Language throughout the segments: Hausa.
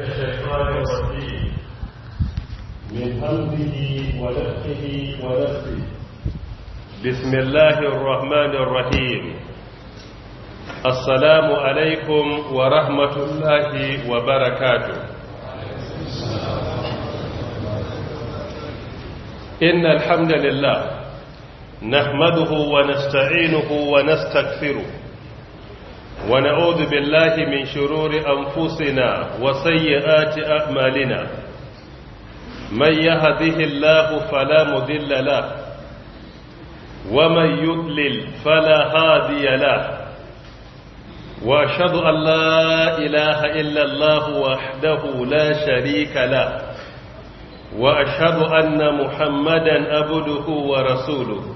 من همزه ونفخه ونفخه بسم الله الرحمن الرحيم السلام عليكم ورحمة الله وبركاته إن الحمد لله نحمده ونستعينه ونستغفره ونعوذ بالله من شرور أنفسنا وسيئات أعمالنا من يهده الله فلا مذل له ومن يؤلل فلا هادي له وأشهد أن لا إله إلا الله وحده لا شريك له وأشهد أن محمدا أبده ورسوله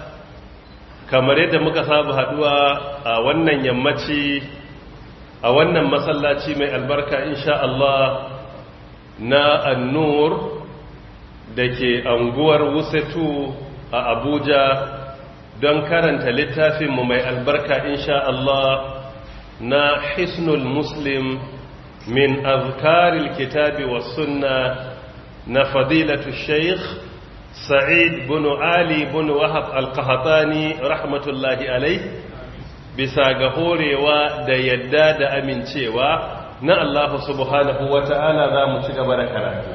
kamar yadda muka saba haduwa a wannan yammaci a wannan masallaci mai albarka insha Allah na annur da ke anguwar wusetu a abuja don karanta littafinmu mai albarka insha Allah na hisnul muslim min azkaril kitabi wa sunna na fadilatu sheikh sa'id bin ali bin wahab al rahmatullahi alai bisa ga horewa da yadda da amincewa na allahu subhanahu wata'ala za mu ci gaba da karatu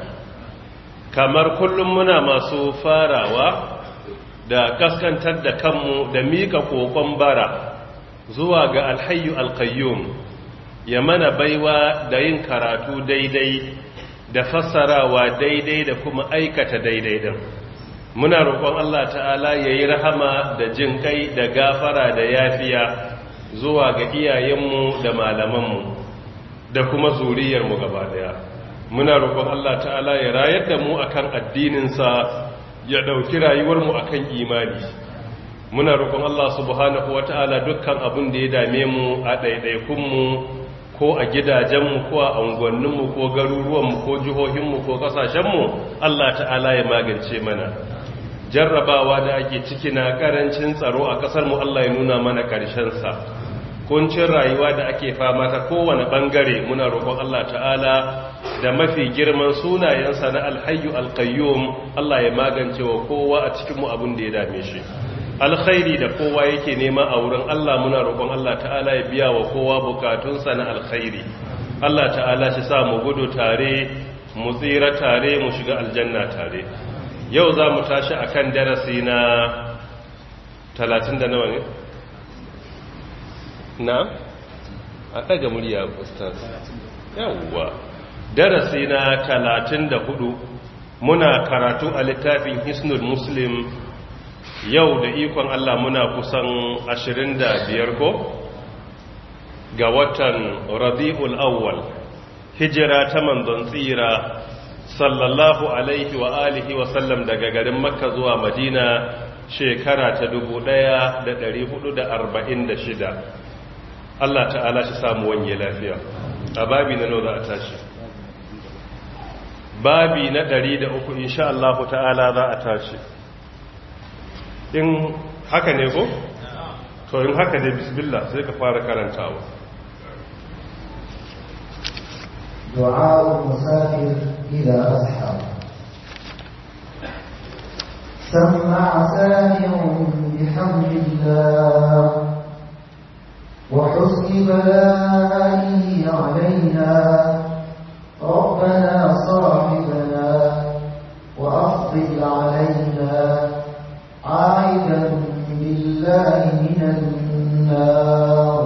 kamar kullum muna masu farawa da kaskantar da kanmu da mika kokon bara zuwa ga alhayyu alqayyum ya mana baiwa da yin karatu daidai da fassarawa daidai da kuma aikata daidai muna roƙon Allah ta'ala ya yi rahama da jin kai da gafara da yafiya zuwa ga iyayenmu da malamanmu da kuma zuriyarmu gaba daya muna roƙon Allah ta'ala ya rayar da mu akan addininsa ya ɗauki rayuwarmu akan imani muna roƙon Allah subhanahu wa ta'ala dukkan abin da ya dame mu a ɗaiɗaikunmu ko a gidajenmu ko a unguwanninmu ko garuruwanmu ko jihohinmu ko ƙasashenmu Allah ta'ala ya magance mana jarrabawa da ake ciki na karancin tsaro a ƙasar mu Allah ya nuna mana karshen sa kuncin rayuwa da ake fama ta kowane bangare muna roƙon Allah ta'ala da mafi girman sunayensa na alhayu alqayyum Allah ya magance wa kowa a cikinmu mu abin da ya dame shi alkhairi da kowa yake nema a wurin Allah muna roƙon Allah ta'ala ya biya wa kowa bukatunsa na alkhairi Allah ta'ala shi sa mu gudu tare mu tsira tare mu shiga aljanna tare yau za mu tashi a kan darasi na talatin da nawa ne? na? a ɗaga murya ustaz yawwa darasi na talatin da hudu muna karatu a littafin hisnul muslim yau da ikon Allah muna kusan ashirin da biyar ko? ga watan rabi'ul awwal hijira ta manzon tsira sallallahu alaihi wa alihi wa sallam daga garin makka zuwa madina shekara ta 1446 Allah ta'ala shi samu wanye lafiya a babi na nuna a tashi babi na 103 insha Allah ta'ala za a tashi in haka ne ko? to in haka ne bisbillah sai ka fara karantawa دعاء المسافر إذا أزحر سمع سامع بحمد الله وحسن بلائه علينا ربنا صاحبنا وأفضل علينا عائدا لله من النار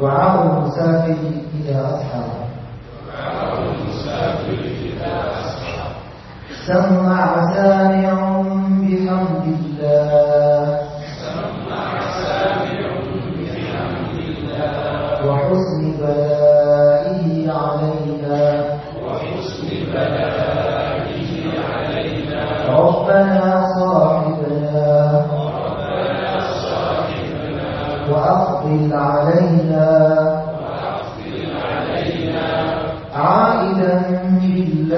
دعاء المسافر إذا أسحر سمع سامع بحمد الله سمع سامع بحمد الله وحسن بلائه علينا وحسن بلائه علينا ربنا صاحبنا ربنا صاحبنا وأقضي العالم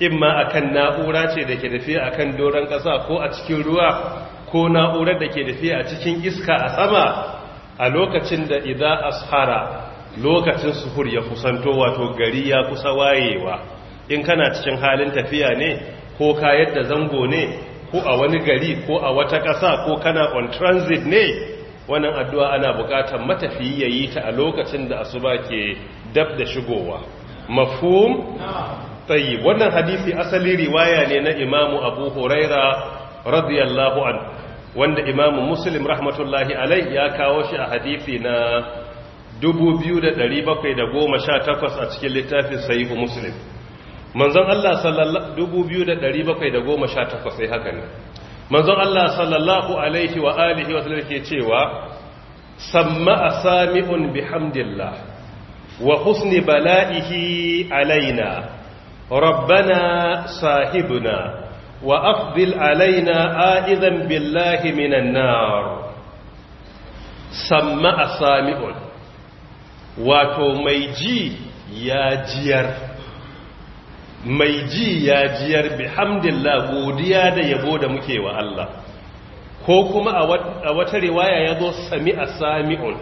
in ma akan na'ura ce da ke a kan doron ƙasa ko a cikin ruwa ko na'urar da ke tafiya a cikin iska a sama a lokacin da idza ashara lokacin suhur ya kusanto wato gari ya kusa wayewa in kana cikin halin tafiya ne ko ka yadda zango ne ko a wani gari ko a wata ƙasa ko kana on transit ne wannan addu'a ana buƙatar matafiyi ya yi ta a lokacin da asuba ke dab da shigowa mafhum tayyib wannan hadisi asali riwaya ne na imamu abu huraira radiyallahu an wanda imamu muslim rahmatullahi alai ya kawo shi a hadisi na 2718 a cikin littafin sahihu muslim manzon Allah sallallahu 2718 sai haka ne manzon Allah sallallahu alaihi wa alihi wa sallam ke cewa samma sami'un bihamdillah wa husni bala'ihi alaina rabbana sahibuna wa afdil alaina a'idan billahi minan nar samma asami'un wato mai ji ya jiyar mai ji godiya da yabo da muke wa Allah ko kuma a wata riwaya ya zo sami a sami'un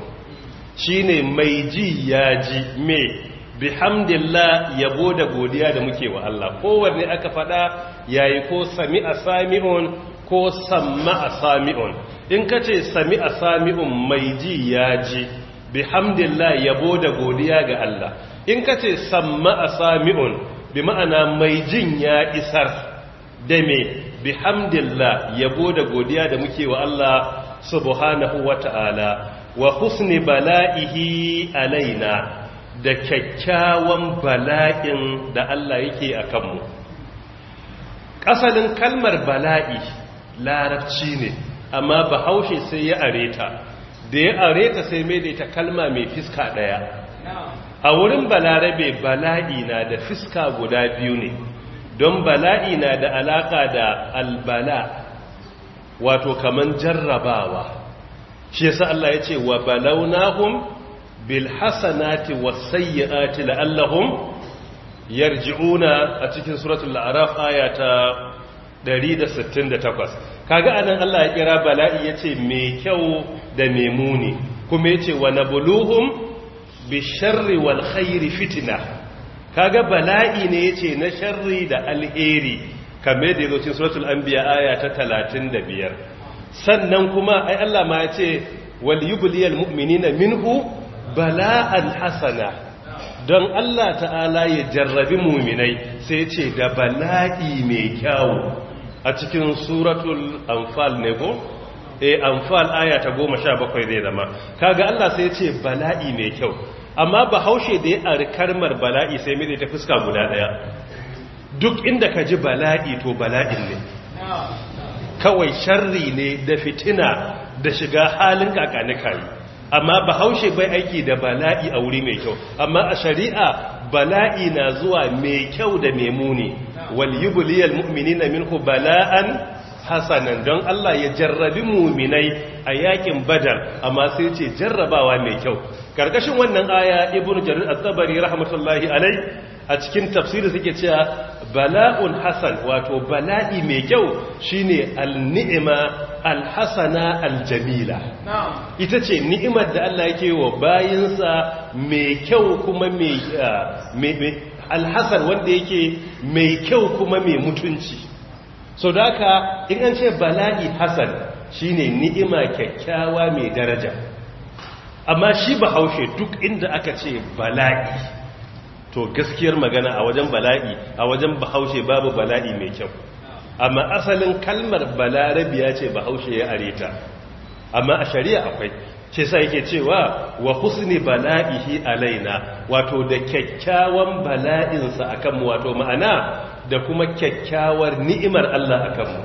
shi ne mai ji ya ji me Bi hamdillah yabo da godiya da muke wa Allah kowanne aka faɗa yayi ko sami sami'un ko samma sami'un in kace sami sami'un mai ji ya ji hamdillah yabo da godiya ga Allah in kace samma sami'un bi ma'ana mai jin ya isar da me hamdillah yabo da godiya da muke wa Allah subhanahu wata'ala wa husni bala'ihi alaina da kyakkyawan bala'in da Allah yake a kanmu ƙasalin kalmar bala'i larabci ne amma bahaushe sai ya areta da ya areta sai mai da ita kalma mai fiska ɗaya a wurin balarabe bala'i na da fiska guda biyu ne don bala'i na da alaƙa da albala wato kaman jarrabawa shi yasa Allah ya ce wa balaunahum bilhassanati hasanati was sayyiati yarji'una a cikin suratul a'raf ayata ta 168 kaga anan Allah ya kira bala'i yace mai kyau da mai muni kuma yace wane nabluhum bisharri walhairi fitina? kaga bala'i ne yace na sharri da alheri kame da yazo cikin suratul anbiya aya ta 35 sannan kuma ai Allah ma yace wal na min minhu bala'an hasana don Allah ta'ala ya jarrabi muminai sai ce da bala'i mai kyawu a cikin suratul anfal ne ko eh anfal aya ta goma sha bakwai zai zama kaga Allah sai ce bala'i mai kyau amma bahaushe da ya ari karmar bala'i sai mai ta fuska guda ɗaya. duk inda ka ji bala'i to bala'in ne kawai sharri ne da fitina da shiga halin kakani kayi amma bahaushe bai aiki da bala'i a wuri mai kyau amma a shari'a bala'i na zuwa mai kyau da mai muni wal yubliyal mu'minina minhu bala'an hasanan don Allah ya jarrabi muminai a yakin badar amma sai ce jarrabawa mai kyau karkashin wannan aya ibn jarir at-tabari rahmatullahi alai a cikin tafsiri suke cewa bala'un hasan wato bala'i mai kyau shine al-ni'ma alhassana aljamila ita ce ni'imar da Allah yake wa bayinsa mai kyau kuma ah, mai alhassan wanda yake mai kyau kuma mai mutunci so da haka in bala'i hassan shine ni'ima kyakkyawa mai daraja amma shi bahaushe duk inda aka ce bala'i to gaskiyar magana a wajen bala'i a wajen bahaushe babu bala'i mai kyau amma asalin kalmar balarabiya ce bahaushe ya areta amma a shari'a akwai ce sa yake cewa wa husni bala'ihi alaina wato da kyakkyawan bala'insa a kanmu wato ma'ana da kuma kyakkyawar ni'imar Allah a kanmu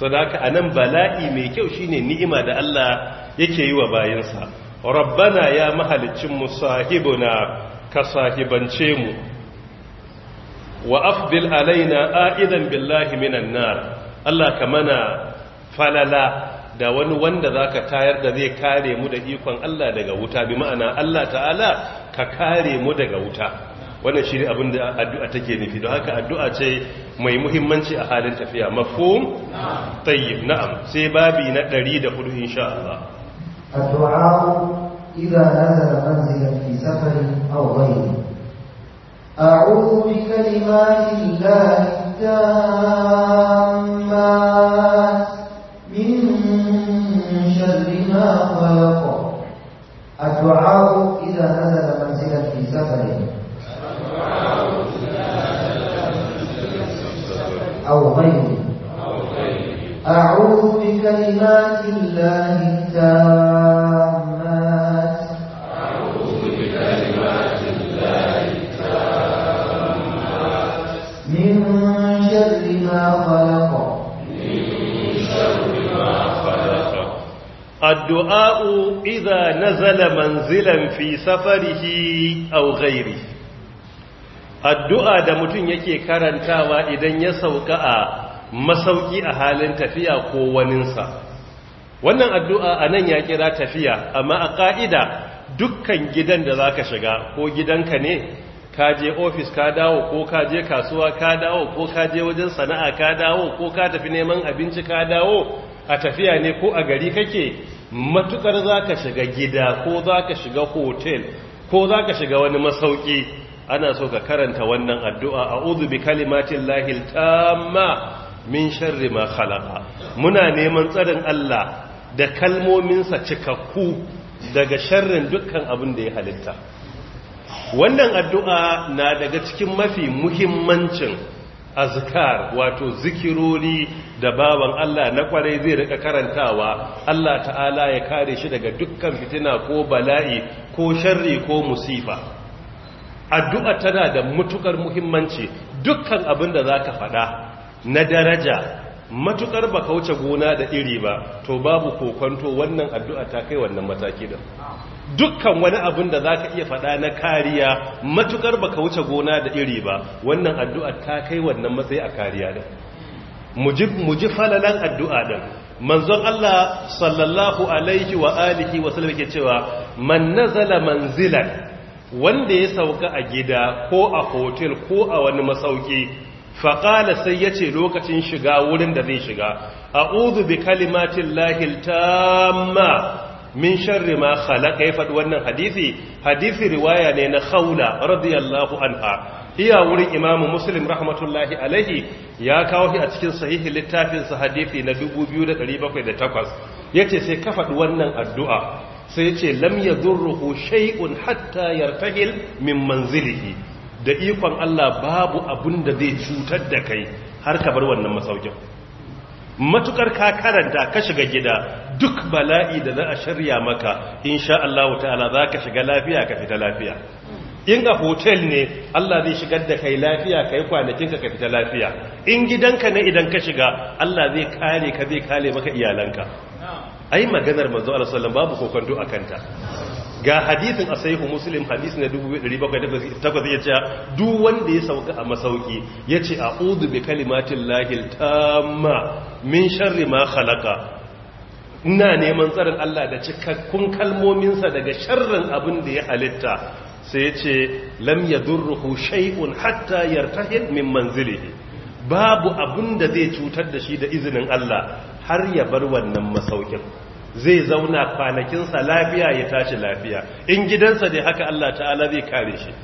sadaka a haka anan bala'i mai kyau shine ni'ima da Allah yake yi wa bayansa rabbana ya mahalicin mu sahibuna ka sahibance mu wa afdil alaina a'idan billahi minan nar Allah ka mana falala da wani wanda zaka tayar da zai kare mu da ikon Allah daga wuta bi ma'ana Allah ta'ala ka kare mu daga wuta wannan shiri ne abin da addu'a take nufi don haka addu'a ce mai muhimmanci a halin tafiya mafhum tayyib na'am sai babi na 104 insha Allah addu'a idza nazala manzilan fi safarin aw ghayri أعوذ بكلمات الله التامات من شر ما خلق الدعاء إذا نزل منزلا في سفر أو غيره أعوذ بكلمات الله التامات addu'a'u iza nazala manzilan fi safarihi au ghairi addu'a da mutum yake karantawa idan ya sauka a masauki a halin tafiya ko waninsa wannan addu'a a nan ya kira tafiya amma a ƙa'ida dukkan gidan da za ka shiga ko gidanka ne ka je ofis ka dawo ko ka je kasuwa ka dawo ko ka je wajen sana'a ka dawo ko ka tafi neman abinci ka dawo a tafiya ne ko a gari kake matukar za ka shiga gida ko za ka shiga hotel ko za ka shiga wani masauki ana so ka karanta wannan addu'a a uzu bi kalimatin lahil tamma min sharri ma khalaqa muna neman tsarin Allah da kalmominsa cikakku daga sharrin dukkan abin da ya halitta wannan addu'a na daga cikin mafi muhimmancin azkar wato zikirori da baban Allah na kwarai zai rika karantawa Allah ta'ala ya kare shi daga dukkan fitina ko bala'i ko sharri ko musifa addu'a tana da matukar muhimmanci dukkan abin da za zaka faɗa na daraja matukar baka wuce gona da iri ba to babu kokonto wannan addu'a ta kai wannan mataki da dukkan wani abin da za ka iya faɗa na kariya matukar baka wuce gona da iri ba wannan addu'a ta kai wannan matsayi a kariya da. mu ji falalan addu'a ɗin manzon Allah sallallahu alaihi wa alihi wa sallam ke cewa man nazala manzilan wanda ya sauka a gida ko a hotel ko a wani masauki faƙala sai ya ce lokacin shiga wurin da zai shiga a bi kalimatin lahil ma. min sharri ma khalaqa ya faɗi wannan hadisi hadisi riwaya ne na khawla radiyallahu anha iya wurin imamu muslim rahmatullahi alaihi ya kawo shi a cikin sahihi littafinsa hadisi na 2708 yace sai ka faɗi wannan addu'a sai yace lam yadurruhu shay'un hatta yartahil min manzilihi da ikon Allah babu abun da zai cutar da kai har ka bar wannan masaukin matukar ka karanta ka shiga gida duk bala'i da za a shirya maka insha Allah ta'ala za ka shiga lafiya ka fita lafiya in a hotel ne Allah zai shigar da kai lafiya ka yi kwanakinka ka fita lafiya in gidanka ne idan ka shiga Allah zai kare ka zai kare maka iyalanka ai maganar manzo Allah sallallahu alaihi wasallam babu kokonto akanta ga hadisin a muslim hadisi na takwas ya ce duk wanda ya sauka a masauki ya ce a udu bi kalimatin lahil tamma min sharri ma halaka ina neman tsarin Allah da cikakkun kalmominsa daga sharrin abin da ya halitta sai ya ce lam durruhu shay'un hatta yartahil min manzilihi babu abin da zai cutar da shi da izinin Allah har ya bar wannan masaukin zai zauna kwanakinsa lafiya ya tashi lafiya in gidansa ne haka Allah ta'ala zai kare shi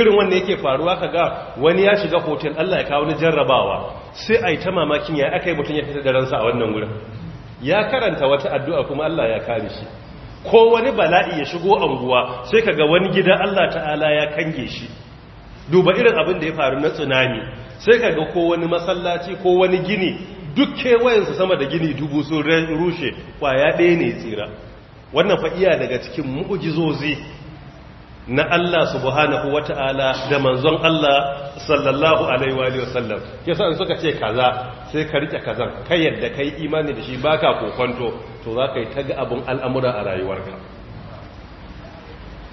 irin wanda yake faruwa ga wani ya shiga hotel Allah ya kawo ni jarrabawa sai ai ta mamakin ya akai mutun ya fita da ransa a wannan wurin ya karanta wata addu'a kuma Allah ya kare shi ko wani bala'i ya shigo anguwa sai kaga wani gida Allah ta'ala ya kange shi duba irin abin da ya faru na tsunami sai kaga ko wani masallaci ko wani gini duk kewayensu sama da gini dubu sun rushe kwaya ɗaya ne tsira wannan fa'iya daga cikin mu'ujizozi na Allah subhanahu Ta'ala da manzon Allah sallallahu alaihi wa sallam ya in suka ce kaza sai ka rike kazan kai yadda kai imani da shi baka kokonto to za ka yi taga abin al'amura a rayuwarka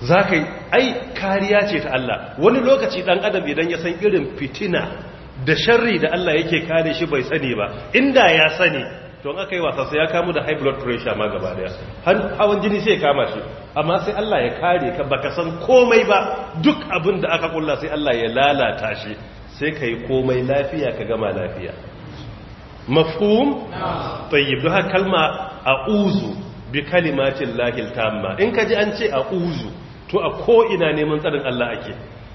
za ka yi ai kariya ce ta Allah wani lokaci ɗan adam idan ya san irin fitina da sharri da Allah yake kare shi bai sani ba inda ya sani to aka yi wasa sai ya kamu da high blood pressure ma gaba daya hawan jini sai ya kama shi amma sai Allah ya kare ka baka san komai ba duk abin da aka kulla sai Allah ya lalata shi sai ka komai lafiya ka gama lafiya mafhum tayyib yi haka kalma a'uzu bi kalimatin lahil tamma in ka ji an ce a'uzu to a ko ina neman tsarin Allah ake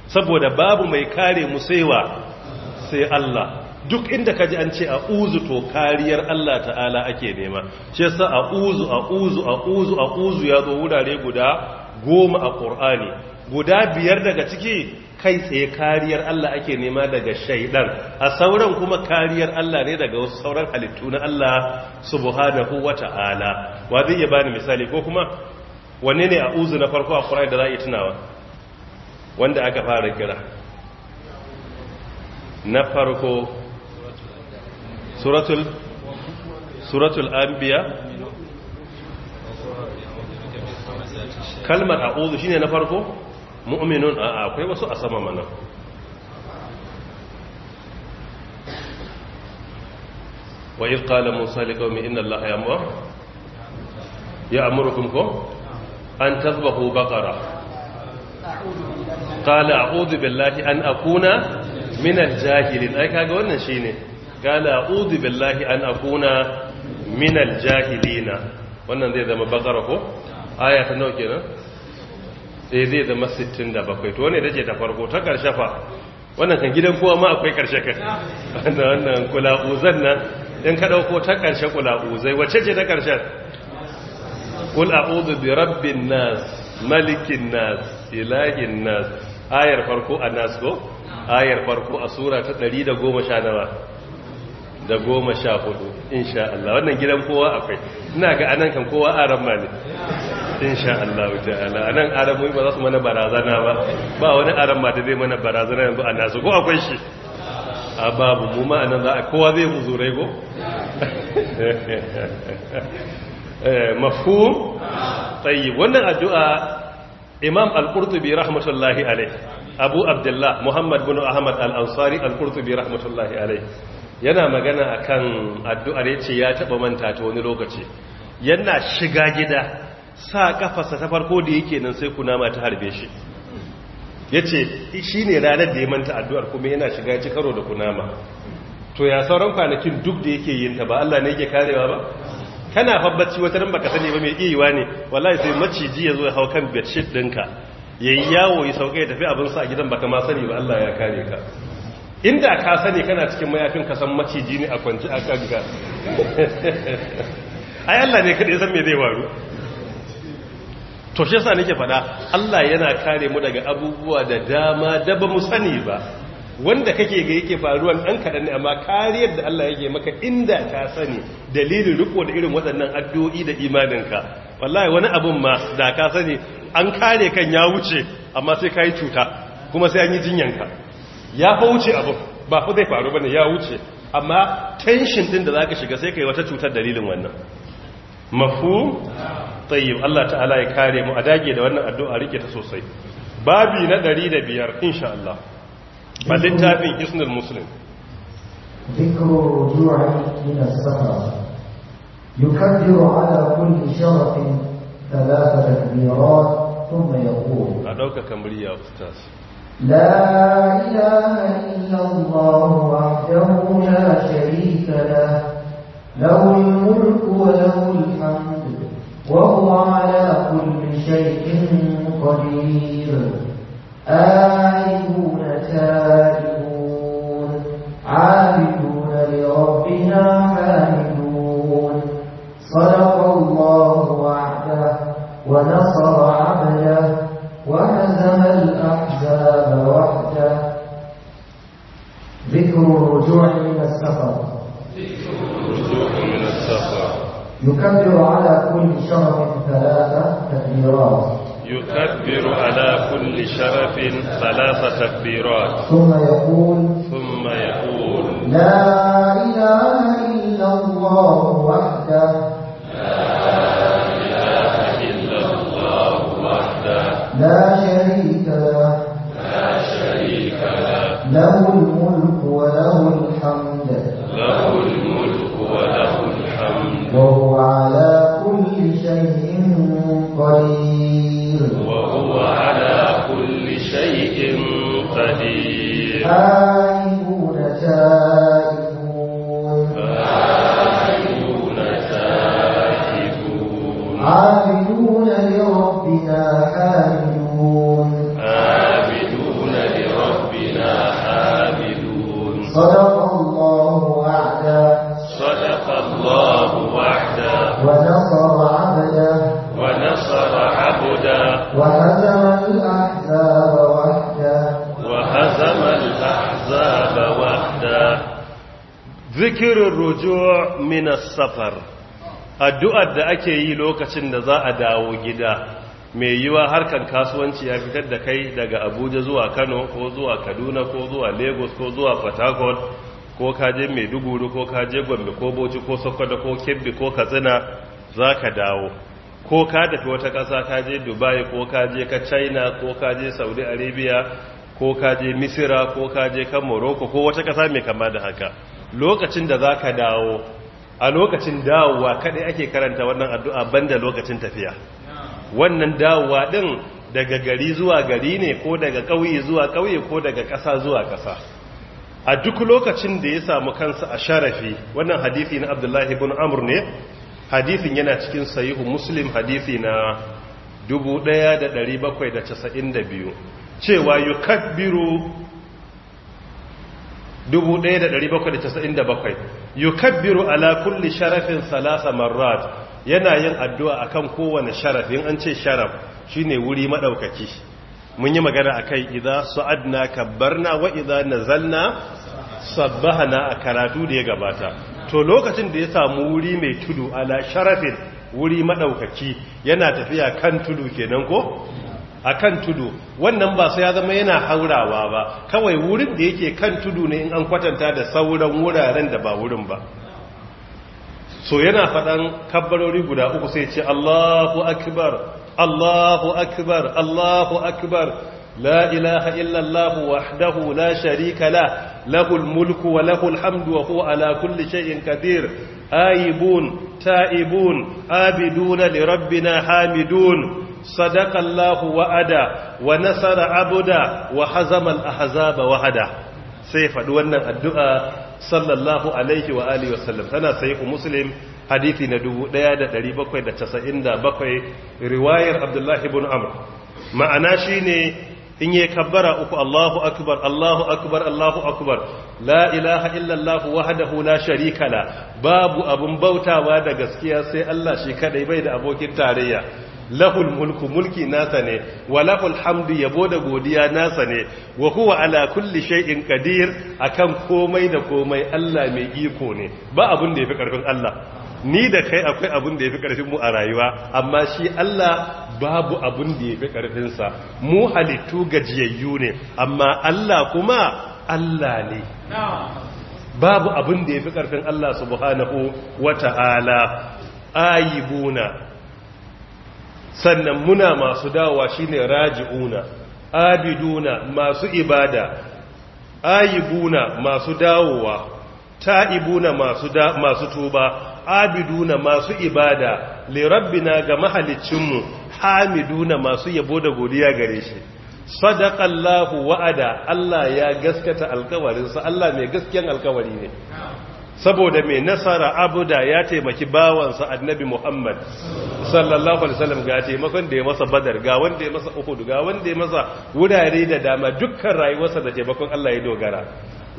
saboda babu mai kare mu wa. sai Allah duk inda kaji an ce a uzu to kariyar Allah ta'ala ake nema a uzu a uzu a uzu a uzu ya zo wurare guda goma a ƙur'ani guda biyar daga ciki kai tsaye kariyar Allah ake nema daga shaidar. a sauran kuma kariyar Allah ne daga wasu sauran halittu na Allah subhanahu wata'ala wa zai iya bani misali ko kuma wanne ne uzu na farko a ƙor'ani da za a yi tunawa wanda aka fara kira نفرق سورة ال... سورة الأنبياء كلمة أعوذ شين نفرق مؤمنون أعوذ آه، آه، وسوء أسمى منا وإذ قال موسى لقوم إن الله يأمر يأمركم أن تذبحوا بقرة قال أعوذ بالله أن أكون Minal jahilin ai kaga wannan shine qala a'udhu billahi an akuna minal jahilina wannan zai zama bakara ko aya ta nawa kenan sai eh, zai zama 67 to ne dace ta farko ta karshe fa wannan kan gidan kowa ma akwai karshe kan wannan wannan kula uzan nan in ka dauko ta karshe kula uzai wace ce ta karshe kul a'udhu bi rabbin nas malikin nas ilahin nas ayar farko a nas ko ayar farko a sura ta 119 da goma sha hudu insha Allah wannan gidan kowa akwai ina ga anan kan kowa arama ne insha Allah ta'ala anan aramu ba za su mana barazana ba ba wani arama da zai mana barazana yanzu a nasu ko akwai shi a babu mu ma anan za a kowa zai muzurai go eh, mafhum tayyib wannan addu'a imam al-qurtubi rahmatullahi alayhi abu abdullah muhammad bin ahmad al-ansari al-qurtubi rahmatullahi alai yana magana akan addu'ar yace ya taba manta ta wani lokaci yana shiga gida sa kafarsa ta farko da yake nan sai kunama ta harbe shi yace shi ne ranar da ya manta addu'ar kuma yana shiga ci karo da kunama to ya sauran kwanakin duk da yake yin ta ba Allah ne yake karewa ba kana fabbaci wata ran baka sani ba mai iyawa ne wallahi sai maciji ya zo ya hau kan bedsheet dinka. yayi yawo ya sauka ya tafi abin sa a gidan baka ma sani ba Allah ya kare ka inda ka sani kana cikin mayafin ka san maciji ne a kwanci a kanka ai Allah ne kada ya san me zai waru to shi yasa nake faɗa Allah yana kare mu daga abubuwa da dama da ba mu sani ba wanda kake ga yake faruwan ɗan kaɗan ne amma kariyar da Allah yake maka inda ka sani dalilin riko da irin waɗannan addu'o'i da imaninka wallahi wani abun ma da ka sani an kare kan ya wuce amma sai ka yi cuta kuma sai an yi jinyanka ya fa wuce abin ba fa zai faru bane ya wuce amma tension din da za ka shiga sai ka yi wata cutar dalilin wannan mafu tsayi Allah ta'ala ya kare mu a dage da wannan addu'a rike ta sosai babi na 105 insha Allah ba littafin isnul muslim ذكر رجوع من السفر يكبر على كل شرف ثلاثة تكبيرات ثم يقول أدوك يا أستاذ لا إله إلا الله وحده لا شريك له له الملك وله الحمد وهو على كل شيء قدير آيبون تائبون عابدون لربنا حامدون صدق الله وعده ونصر وهزم الأحزاب وحده ذكر الرجوع من السفر ذكر من السفر يكبر على كل شرف ثلاثة تكبيرات يكبر على كل شرف ثلاث تكبيرات ثم يقول ثم يقول لا إله إلا الله وحده حامدون سائلون zikirin rujo minas safar addu'ar da ake yi lokacin da za a dawo gida mai yiwa harkar kasuwanci ya fitar da kai daga abuja zuwa kano ko zuwa kaduna ko zuwa lagos ko zuwa Fatakon ko kaje duguru ko kaje gombe ko boci ko sokoto ko kebbi ko katsina za ka dawo ko ka tafi wata ƙasa kaje dubai ko kaje ka china ko kaje saudi arabia ko kaje misira ko kaje kan morocco ko wata kasa mai kama da haka lokacin da za ka dawo a lokacin dawowa kaɗai ake karanta wannan addu'a banda lokacin tafiya wannan dawowa ɗin daga gari zuwa gari ne ko daga ƙauye zuwa ƙauye ko daga ƙasa zuwa ƙasa a duk lokacin da ya samu kansa a sharafi wannan hadithi na abdullahi bin amur ne hadithin yana cikin sayihu muslim hadithi na 1792 cewa yukabbiru 1797 yukabbiru ala kulli sharafin salasa marrat yana yin addu'a akan kowane sharafin an ce sharaf shine wuri madaukaki mun yi magana akai idza su'adna kabbarna wa idza nazalna sabbahana a karatu da ya gabata to lokacin da ya samu wuri mai tudu ala sharafin wuri madaukaki yana tafiya kan tudu kenan ko a kan tudu wannan ba sai ya zama yana haurawa ba kawai wurin da yake kan tudu ne in an kwatanta da sauran wuraren da ba wurin ba so yana faɗan kabbarori guda uku sai ce Allahu akbar Allahu akbar Allahu akbar la ilaha illallah wahdahu la sharika la lahul mulku wa lahul hamdu wa huwa ala kulli shay'in qadir aibun ta'ibun abiduna li rabbina hamidun صدق الله وعدا ونصر عبدا وحزم الاحزاب wahada. sai faɗi wannan addu'a sallallahu alaihi wa alihi wasallam tana sai ku muslim hadisi na 1797 riwayar abdullahi ibn amr ma'ana shine in yi kabbara uku allahu akbar allahu akbar allahu akbar la ilaha illa allah wahdahu la sharika babu abin bautawa da gaskiya sai allah shi kaɗai bai da abokin tarayya lahul mulku mulki nasa ne wa lahul hamdu yabo da godiya nasa ne wa huwa ala kulli shay'in qadir akan komai da komai Allah mai iko ne ba abun da yafi karfin Allah ni da kai akwai abun da yafi karfin mu a rayuwa amma shi Allah babu abun da yafi karfin sa mu halittu gajiyayyu ne amma Allah kuma Allah ne babu abun da yafi karfin Allah subhanahu wata'ala ayibuna sannan muna masu dawowa shine raji'una abiduna masu ibada ayibuna masu dawowa ta'ibuna masu da, masu tuba abiduna masu ibada li rabbina ga mahaliccinmu hamiduna masu yabo da godiya gare shi sadaqallahu wa'ada Allah ya gaskata alƙawarinsa. Allah mai gaskiyan alkawari ne saboda mai nasara abuda ya taimaki bawansa annabi muhammad sallallahu alaihi wasallam ga taimakon da ya masa badar ga wanda ya masa uhud ga wanda ya masa wurare da dama dukkan rayuwarsa da taimakon Allah ya dogara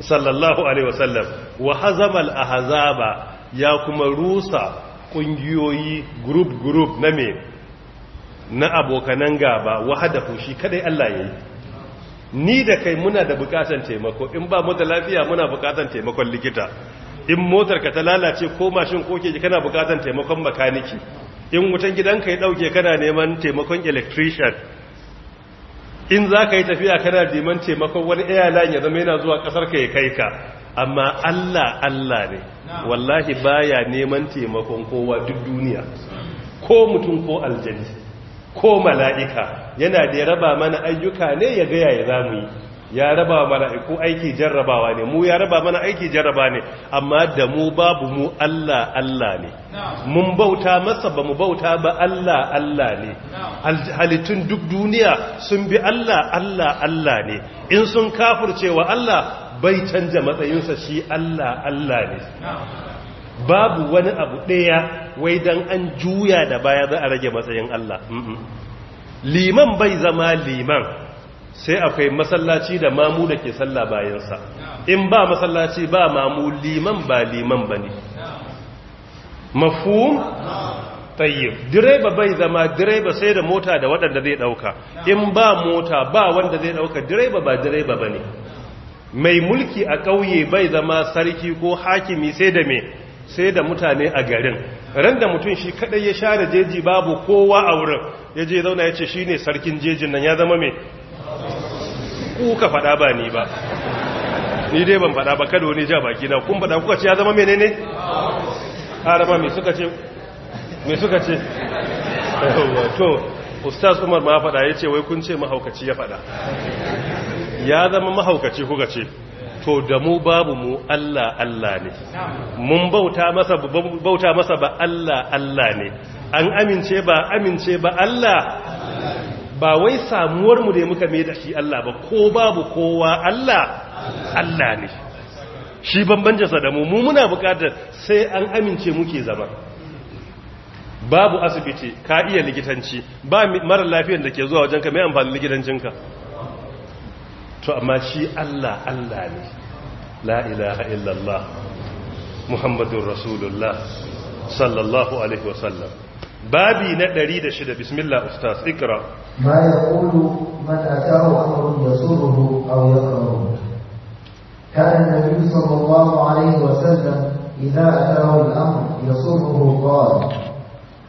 sallallahu alaihi wasallam wa hazamal ahzaba ya kuma rusa kungiyoyi group group na me na abokanan gaba wahadahu shi kadai Allah ya yi. ni da kai muna da bukatan taimako in ba mu da lafiya muna bukatan taimakon likita in motar ka ta lalace ko mashin ko keji kana bukatan taimakon makaniki in wutan gidanka ya dauke kana neman taimakon electrician in za ka yi tafiya kana neman taimakon wani airline ya zama yana zuwa kasar ka ya kai ka amma Allah Allah ne wallahi baya neman taimakon kowa duk duniya ko mutum ko aljanni ko mala'ika yana da ya raba mana ayyuka ne ya gaya ya zamu yi ya raba mala'iku aiki jarrabawa ne mu ya raba mana aiki jarraba ne amma da mu babu mu Allah Allah ne mun bauta masa ba mu bauta ba Allah Allah ne halittun duk duniya sun bi Allah Allah Allah ne in sun kafurce wa Allah bai canja matsayinsa shi Allah Allah ne babu wani abu ɗaya wai dan an juya da baya za a rage matsayin Allah liman bai zama liman sai akwai masallaci da mamu da ke salla bayansa in ba masallaci ba mamu liman ba liman ba ne Mafu tayi direba bai zama direba sai da mota da waɗanda zai ɗauka in ba mota ba wanda zai ɗauka direba ba direba ba ne mai mulki a ƙauye bai zama sarki ko hakimi sai da me sai da mutane a garin ran da mutum shi kadai ya share jeji babu kowa a wurin ya je zauna ya ce shi ne sarkin jejin nan ya zama mai kuka faɗa ba ni ba ni dai ban faɗa ba kada wani ja baki na kun faɗa kuka ce ya zama menene harama me suka ce me suka ce to ustaz umar ma faɗa ya ce wai kun ce mahaukaci ya faɗa ya zama mahaukaci kuka ce to da mu babu mu Allah Allah ne mun bauta masa bauta masa ba Allah Allah ne an amince ba amince ba Allah ba wai samuwar mu ne muka mai da shi Allah ba ko babu kowa Allah Allah ne shi bambancinsa da mu mu muna bukatar sai an amince muke zama babu asibiti ka iya likitanci ba mara lafiyar da ke zuwa wajenka mai amfani likitancinka to amma shi Allah Allah ne la ilaha illallah muhammadun rasulullah sallallahu alaihi wasallam بابي ندري ده شده بسم الله استاذ اقرا ما يقول من اتاه امر يسره او يكرهه كان النبي صلى الله عليه وسلم اذا اتاه الامر يسره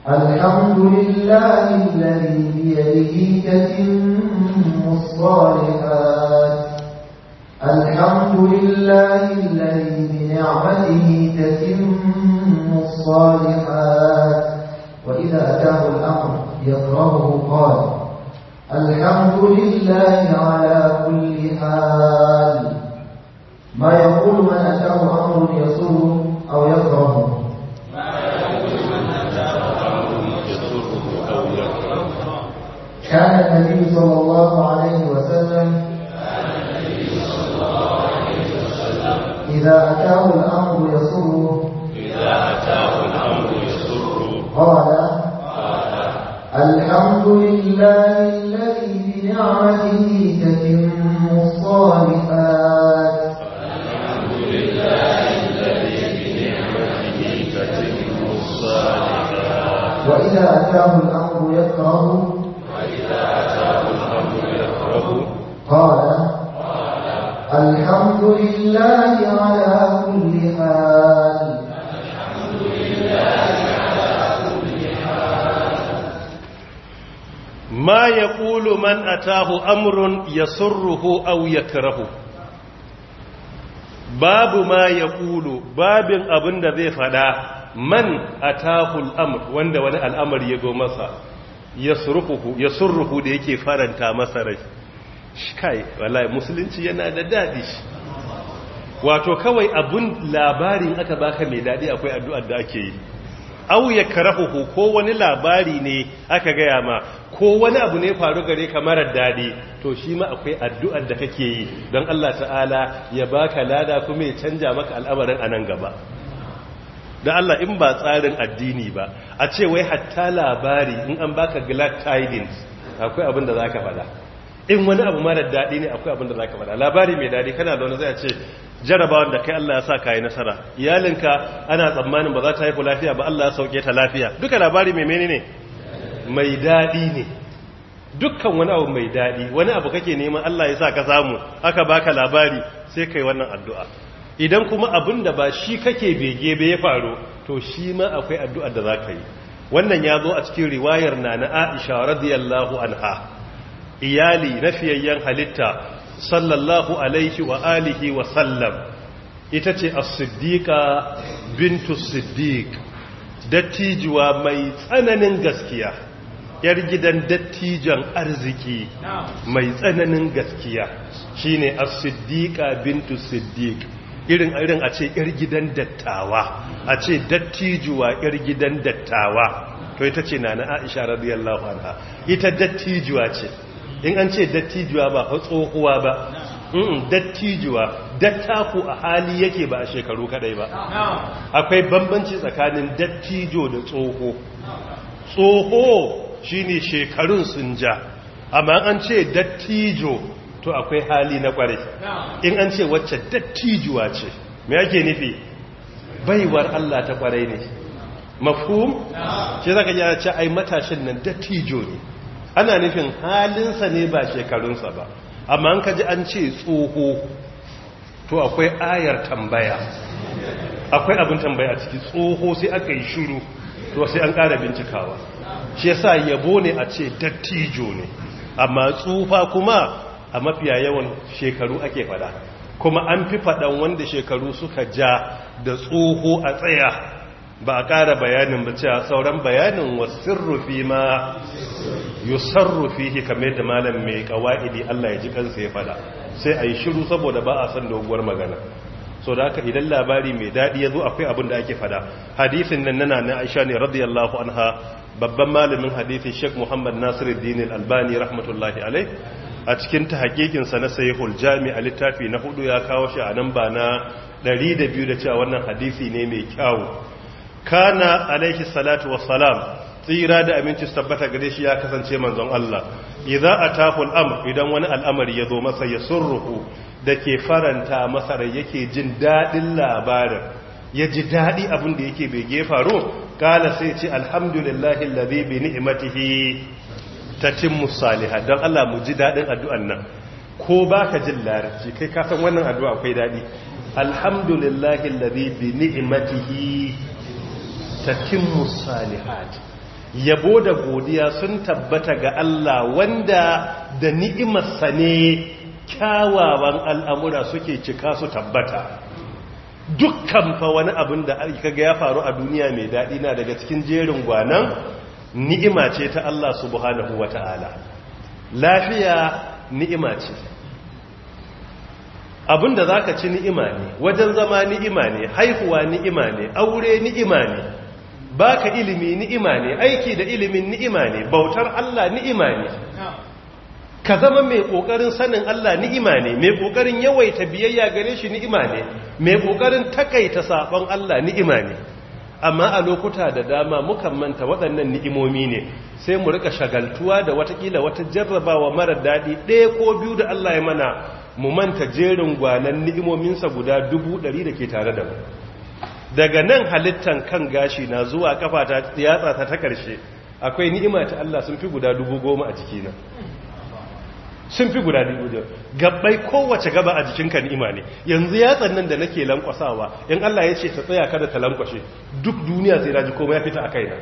قال الحمد لله الذي بيده تتم الصالحات الحمد لله الذي بنعمته تتم الصالحات وإذا أتاه الأمر يكرهه قال الحمد لله على كل حال ما يقول من أتاه أمر يسره أو يكرهه كان النبي صلى الله عليه وسلم إذا أتاه الأمر يسره قال الحمد لله الذي بنعمته تتم الصالحات وإذا أتاه الأمر يكرهه atahu amrun yasurruhu aw yakrahu babu ma yaqulu babin abinda zai fada man atahu al-amr wanda wani al'amari yago masa yasurruhu yasurruhu da yake faranta masa rai kai wallahi musulunci yana da dadi wato kawai abun labarin aka baka mai dadi akwai addu'ar da ake yi au ya karahuhu ko wani labari ne aka gaya ma ko wani abu ne faru gare ka marar daɗi to shi ma akwai addu'ar da kake yi don Allah ta'ala ya baka lada kuma ya canja maka al'amarin a nan gaba don Allah in ba tsarin addini ba a ce wai hatta labari in an baka glad tidings akwai abin da za ka faɗa in wani abu marar daɗi ne akwai abin da za ka faɗa labari mai daɗi kana zaune zai ce jarabawan da kai Allah ya sa yi nasara iyalinka ana tsammanin ba za ta haifu lafiya ba Allah ya sauke ta lafiya duka labari mai menene mai daɗi ne dukkan wani abu mai daɗi wani abu kake neman Allah ya sa ka samu aka baka labari sai kai wannan addu'a idan kuma abin da ba shi kake bege ba ya faru to shi ma akwai addu'ar da za ka yi wannan ya zo a cikin riwayar na na aisha radiyallahu anha iyali na fiyayyen halitta sallallahu alaihi wa alihi wa sallam ita ce as-siddiqa bintu siddiq dattijuwa mai tsananin gaskiya yar gidan dattijan arziki mai tsananin gaskiya shine as-siddiqa bintu siddiq irin irin a ce yar gidan dattawa a ce dattijuwa yar gidan dattawa to ita ce nana Aisha radiyallahu anha ita dattijuwa ce in an ce dattijuwa ba a tsohuwa ba dattijuwa dattaku a hali yake ba a shekaru kadai ba akwai bambanci tsakanin dattijo da tsoho tsoho shine shekarun sun ja amma an ce dattijo to akwai hali na kware in an ce wacce dattijuwa ce me yake nufi baiwar Allah ta kware ne mafhum shi zaka ji ce ai matashin nan dattijo ne ana nufin halinsa ne ba shekarunsa ba amma an kaji an ce tsoho to akwai ayar tambaya akwai abin tambaya a ciki tsoho sai aka yi shuru to sai an ƙara bincikawa shi yasa yabo ne a ce dattijo ne amma tsufa kuma a mafiya yawan shekaru ake fada kuma an fi fadan wanda shekaru suka ja da tsoho a tsaya ba a ƙara bayanin ba cewa sauran bayanin wasirru sirrufi ma yusarru fihi kamar da malam mai kawaidi Allah ya ji kansa ya fada sai a yi shiru saboda ba a san doguwar magana so da aka idan labari mai daɗi ya zo akwai abin da ake fada hadisin nan nana na aisha ne radiyallahu anha babban malamin hadisin sheikh muhammad nasiruddin albani rahmatullahi alai a cikin ta hakikinsa na sai jami a littafi na hudu ya kawo shi a nan ba na 200 da cewa wannan hadisi ne mai kyawu kana alaihi salatu wassalam tsira da aminci tabbata gare shi ya kasance manzon Allah idza a taful amr idan wani al'amari ya zo masa ya surruhu dake faranta masa rai yake jin dadin labarin ya ji dadi abin da yake bai gefaro kala sai ce alhamdulillahi alladhi bi ni'matihi tatimmu salihah dan Allah mu ji dadin addu'an nan ko baka jin larabci kai ka san wannan addu'a akwai dadi alhamdulillahi alladhi bi ni'matihi tatimmu salihat yabo da godiya sun tabbata ga Allah wanda da ni'imar sa ne kyawawan al'amura suke cika su tabbata dukkan fa wani abin da kaga ya faru a duniya mai daɗi na daga cikin jerin gwanan ni'ima ce ta Allah subhanahu wata'ala ta'ala lafiya ni'ima ce abin da za ka ci ni'ima ne wajen zama ni'ima ne haihuwa ni'ima ne aure ni'ima ne baka ilimi ni'ima ne aiki da ilimin ni'ima ne bautar Allah ni'ima ne ka zama mai kokarin sanin Allah ni'ima ne mai kokarin yawaita biyayya gare shi ni'ima ne mai kokarin takaita sabon Allah ni'ima ne amma a lokuta da dama mukan manta waɗannan ni'imomi ne sai mu rika shagaltuwa da watakila wata jarrabawa mara daɗi ɗaya ko biyu da Allah ya mana mu manta jerin gwanan ni'imominsa guda dubu ɗari da ke tare da mu daga nan halittan kan gashi na zuwa kafa ta yatsa ta ta karshe akwai ni'ima ta Allah sun fi guda dubu goma a jikina sun fi guda dubu goma gabbai kowace gaba a jikinka ni'ima ne yanzu yatsan nan da nake lankwasawa in Allah ya ce ta tsaya kada ta lankwashe duk duniya sai raji komai ya fita a kaina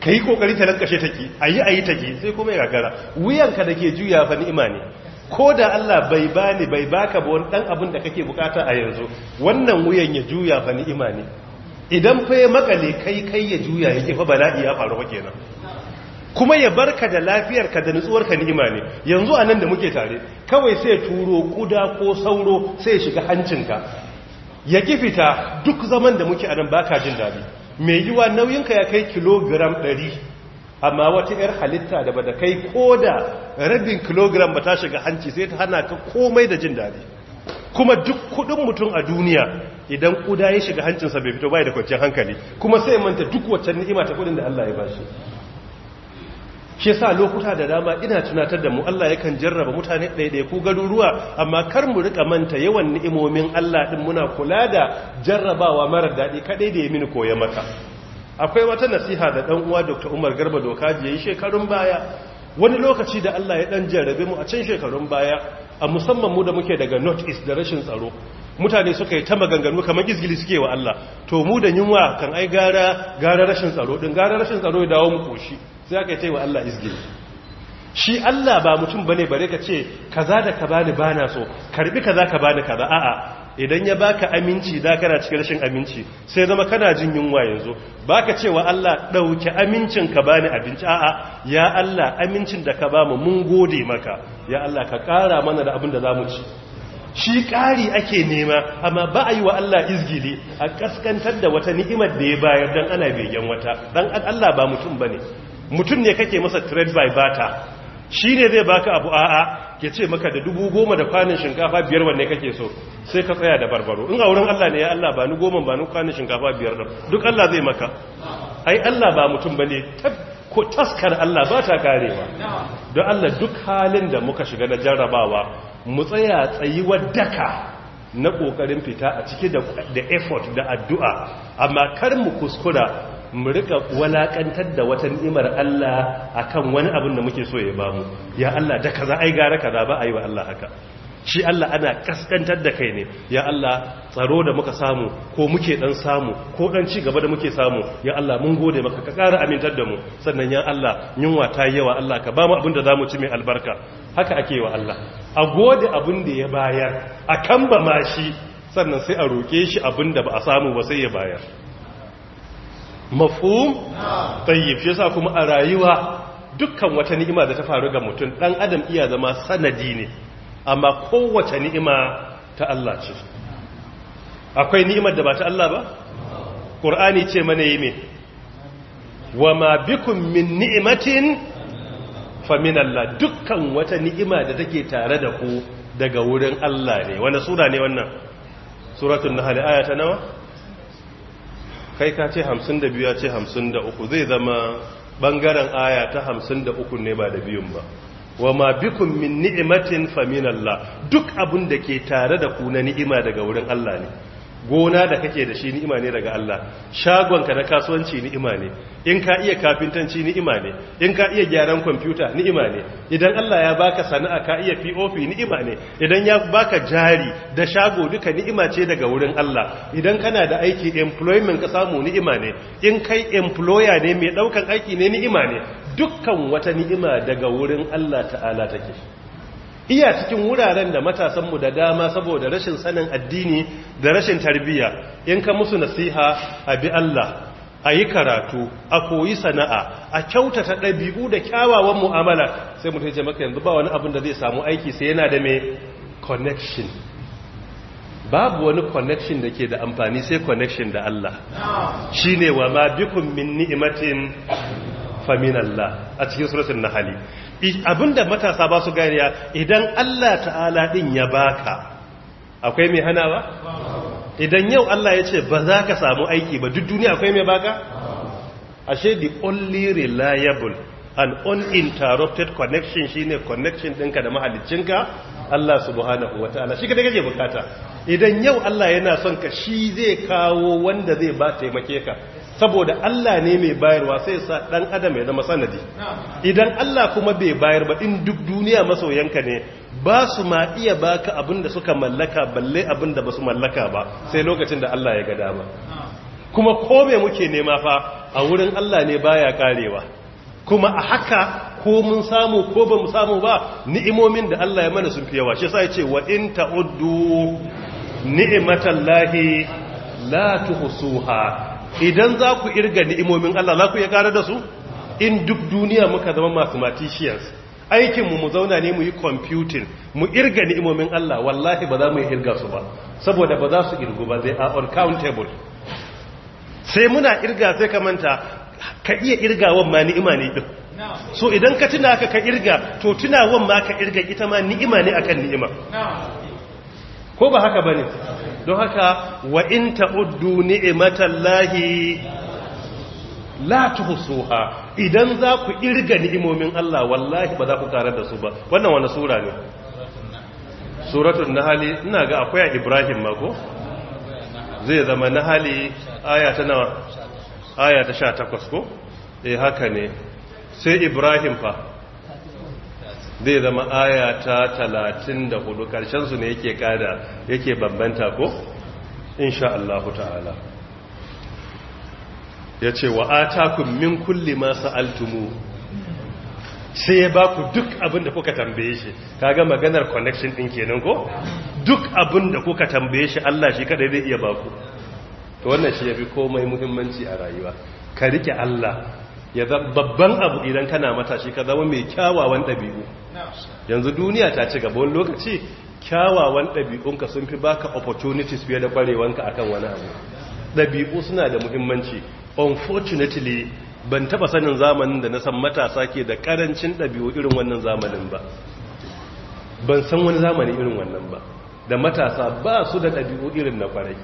ka yi kokari ta lankwashe take ayi yi take sai kuma ya gagara wuyanka da ke juya fa ni'ima ne ko da Allah bai bani bai baka ba wani dan abin da kake bukata a yanzu wannan wuyan ya juya fa ni'ima ne idan fa ya makale kai kai ya juya yake fa bala'i ya faru kenan kuma ya barka da lafiyar ka da nutsuwar ka ni'ima ne yanzu anan da muke tare kawai sai turo kuda ko sauro sai ya shiga ka. ya kifita duk zaman da muke anan baka jin dadi mai yiwa nauyinka ya kai kilogram ɗari. amma wata 'yar halitta da ba da kai ko da rabin kilogram ba ta shiga hanci sai ta hana ka komai da jin daɗi kuma duk kudin mutum a duniya idan kuda ya shiga hancinsa bai fito bai da kwanciyar hankali kuma sai manta duk wacce ni'ima ta kudin da Allah ya bashi shi sa lokuta da dama ina tunatar da mu Allah yakan jarraba mutane ɗaya ko garuruwa amma kar mu rika manta yawan ni'imomin Allah din muna kula da jarrabawa mara daɗi kaɗai da ya mini koya maka akwai wata nasiha da dan uwa Dr. Umar Garba doka ji yayi shekarun baya wani lokaci da Allah ya dan jarrabe mu a can shekarun baya a musamman mu da muke daga North East da rashin tsaro mutane suka yi ta maganganu kamar gizgili suke wa Allah to mu da yunwa kan ai gara gara rashin tsaro din gara rashin tsaro ya dawo mu koshi sai aka yi wa Allah izgili shi Allah ba mutum bane bare ka ce kaza da ka bani bana so karbi kaza ka bani kaza a'a idan ya baka aminci da kana cikin rashin aminci sai zama kana jin yunwa yanzu baka cewa Allah dauke amincin ka bani abinci a'a ya Allah amincin da ka bamu mun gode maka ya Allah ka kara mana da abin da zamu ci shi kari ake nema amma ba a yi wa Allah izgili a kaskantar da wata ni'imar da ya bayar dan ana begen wata don Allah ba mutum bane mutum ne kake masa trade by barter shi ne zai baka abu a'a ke ce maka da dubu goma da kwanin shinkafa biyar wanne kake so sai ka tsaya da barbaro in a wurin Allah ne ya Allah ba ni goma ba ni kwanin shinkafa biyar ɗin duk Allah zai maka ai Allah ba mutum ba ne ko taskar Allah ba ta karewa don Allah duk halin da muka shiga na jarrabawa mu tsaya tsayuwar daka na ƙoƙarin fita a ciki da effort da addu'a amma kar mu kuskura mu rika walakantar da wata ni'imar Allah akan wani abin da muke so ya bamu ya Allah da kaza ai gara kaza ba ai wa Allah haka shi Allah ana kaskantar da kai ne ya Allah tsaro da muka samu ko muke dan samu ko dan ci gaba da muke samu ya Allah mun gode maka ka ƙara amintar da mu sannan ya Allah yunwa ta yawa Allah ka ba mu abin da zamu ci mai albarka haka ake wa Allah a gode abin da ya bayar a ba ma shi sannan sai a roke shi abin da ba a samu ba sai ya bayar mafhum tayyib shi yasa kuma a rayuwa dukkan wata ni'ima da ta faru ga mutum dan adam iya zama sanadi ne amma kowace ni'ima ta Allah ce akwai ni'imar da ba ta Allah ba qur'ani ce mana yi me wama bikum min ni'matin famin Allah dukkan wata ni'ima da take tare da ku daga wurin Allah ne wani sura ne wannan suratul nahl aya ta nawa kai ka ce 52 ya ce 53 zai zama bangaren aya ta hamsin 53 ne ba da biyun ba wa ma bikum min ni'matin Allah duk abin da ke tare da ku na ni'ima daga wurin Allah ne gona da kake da shi ni'ima ne daga Allah shagonka na kasuwanci ni'ima ne in ka iya kafintanci ni'ima ne in ka iya gyaran kwamfuta ni'ima ne idan Allah ya baka sana'a ka iya POP ni'ima ne idan ya baka jari da shago duka ni'ima ce daga wurin Allah idan kana da aiki employment ka samu ni'ima ne in kai employer ne mai daukan aiki ne ni'ima ne dukkan wata ni'ima daga wurin Allah ta'ala take iya cikin wuraren da matasanmu da dama saboda rashin sanin addini da rashin tarbiyya in ka musu nasiha a bi Allah a yi karatu a koyi sana'a a kyautata ɗabi'u da kyawawan mu'amala sai mutum ce maka yanzu ba wani abin da zai samu aiki sai yana da mai connection babu wani connection da ke da amfani sai connection da Allah shine ne wa ma bikun min ni'imatin faminallah a cikin suratul nahl abinda matasa ba su gariya idan Allah ta'ala din ya baka akwai mai hana ba idan yau Allah ya ce ba za ka samu aiki ba duk duniya akwai mai baka ashe the only reliable and uninterrupted connection shine connection ɗinka da mahaliccinka Allah subhanahu wataala shi kada kake bukata idan yau Allah yana son ka shi zai kawo wanda zai ba taimake ka saboda Allah ne mai bayarwa sai sa dan adam ya zama sanadi idan Allah kuma bai bayar ba in duk duniya masoyanka ne ba su ma iya baka abin da suka mallaka balle abin da ba mallaka ba sai lokacin da Allah ya ga dama kuma ko me muke nema fa a wurin Allah ne baya karewa kuma a haka ko mun samu ko ba mu samu ba ni'imomin da Allah ya mana sun fi yawa shi yasa yace wa in ta'uddu ni'matallahi la tuhsuha idan za ku irga ni'imomin Allah za ku iya ƙara da su in duk duniya muka zama masu matishiyans aikinmu mu zauna ne mu yi kwamfutin mu irga ni'imomin Allah wallahi ba za mu yi irga su ba saboda ba za su irgu ba zai on uncountable sai muna irga sai ka manta ka iya irgawan ma ni'ima ne din so idan ka tuna ka ka irga to tunawan ma ka irga ita ma ni'ima ne akan ni'ima ko ba haka bane don haka wa in ta'uddu ni'matallahi la tuhsuha idan za ku irga ni'imomin Allah wallahi ba za ku karar da su ba wannan wani sura ne suratul nahali ina ga akwai a ibrahim mako zai zama nahali aya ta nawa aya ta 18 ko eh haka ne sai ibrahim fa zai zama aya ta talatin da hudu ƙarshensu ne yake ƙada yake bambanta ko? insha Allahu ta'ala ya ce wa takun min kulli masu altumu sai ya ba ku duk abin da kuka tambaye shi kaga maganar connection ɗin kenan ko? duk abin da kuka tambaye shi Allah shi kadai zai iya ba ku to wannan shi ya fi komai muhimmanci a rayuwa ka rike Allah ya babban abu idan kana matashi ka zama mai kyawawan ɗabi'u yanzu duniya ta ci gaba lokaci kyawawan ɗabi'unka sun fi baka opportunities fiye da ƙwarewanka akan wani abu ɗabi'u suna da muhimmanci unfortunately ban taɓa sanin zamanin da na san matasa ke da ƙarancin ɗabi'u irin wannan zamanin ba ban san wani zamani irin wannan ba da matasa ba su da ɗabi'u irin na ƙwarai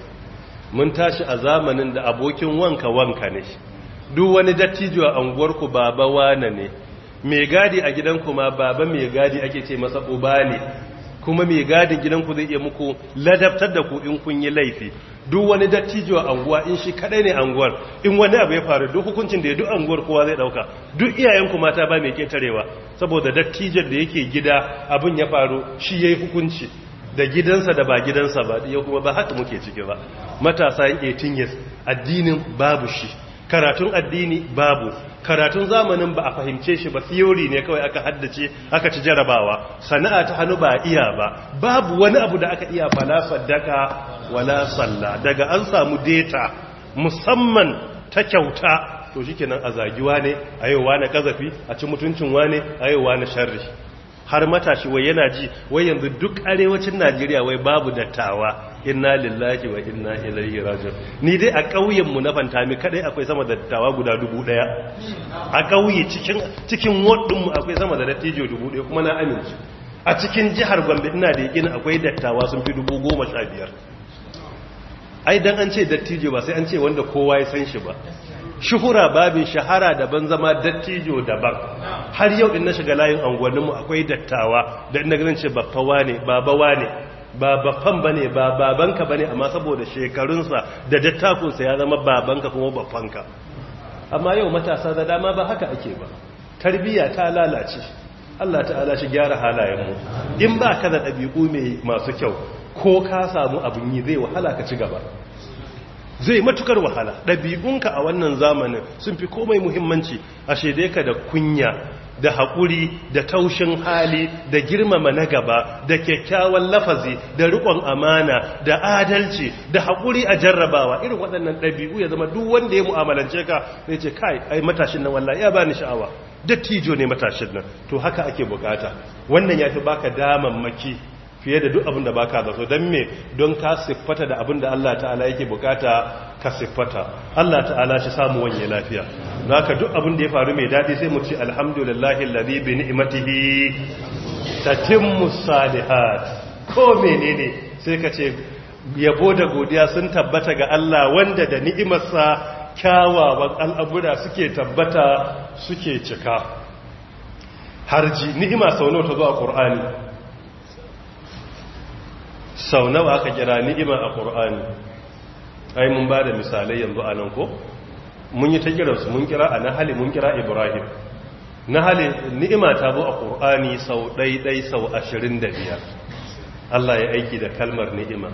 mun tashi a zamanin da abokin wanka wanka ne duk wani dattijo a unguwarku baba wane ne mai gadi a gidanku ma baba mai gadi ake ce masa uba ne kuma mai gadin gidanku zai iya muku ladabtar da ku in kun yi laifi duk wani dattijo a unguwa in shi kadai ne unguwar. in wani abu ya faru duk hukuncin da ya duk unguwar kowa zai dauka duk iyayenku mata ba mai ketarewa saboda dattijon da yake gida abin ya faru shi yayi hukunci da gidansa da ba gidansa ba ya kuma ba haka muke ciki ba matasa 18 years addinin babu shi karatun addini babu karatun zamanin ba a fahimce shi ba theory ne kawai aka haddace aka ci jarabawa sana'a ta hannu ba iya ba babu wani abu da aka iya fala saddaka wala salla daga an samu data musamman ta kyauta to shikenan a zagiwa ne a na kazafi a ci mutuncin wane a na sharri har matashi wai yana ji wai yanzu duk arewacin Najeriya wai babu dattawa inna lillahi wa inna ilaihi raji'un ni dai a ƙauyen mu na fantami kadai akwai sama da dattawa guda dubu a ƙauye cikin cikin waddin mu akwai sama da dattijo dubu kuma na amince a cikin jihar Gombe ina da yakin akwai dattawa sun fi dubu ai dan an ce dattijo ba sai an ce wanda kowa ya san shi ba shuhura babin shahara daban zama dattijo daban har yau din na shiga layin anguwanninmu akwai dattawa da ina ganin ce babba ne babawa ne ba baffan bane ba babanka bane amma saboda shekarunsa da dattakunsa ya zama babanka kuma baffanka amma yau matasa da dama ba haka ake ba tarbiyya ta lalace Allah ta'ala shi gyara halayenmu in ba ka da ɗabi'u mai masu kyau ko ka samu abin yi zai wahala ka ci gaba zai matukar wahala ɗabi'unka a wannan zamanin sun fi komai muhimmanci a shaidai ka da kunya da haƙuri da taushin hali da girmama na gaba da kyakkyawan lafazi da rikon amana da adalci da haƙuri a jarrabawa irin waɗannan ɗabi'u ya zama duk wanda ya mu'amalance ka ne ce kai ai matashin nan wallahi ya bani sha'awa dattijo ne matashin nan to haka ake bukata wannan ya fi baka damammaki fiye da duk abin da baka zato don me don ka siffata da abin da Allah ta'ala yake bukata ka siffata Allah ta'ala shi samu wanye lafiya naka duk abin da ya faru mai daɗi sai mu ce alhamdulillahi allazi bi ni'matihi tatimmu salihat ko menene sai ka ce yabo da godiya sun tabbata ga Allah wanda da ni'imarsa kyawawan al'abura suke tabbata suke cika harji ni'ima sau nawa ta zo a qur'ani sau nawa aka kira ni'ima a ƙor'ani ai mun ba da misalai yanzu a nan ko mun yi ta kiransu mun kira a nahali mun kira ibrahim nahali ni'ima ta zo a ƙor'ani sau ɗaiɗai sau ashirin da biyar allah ya aiki da kalmar ni'ima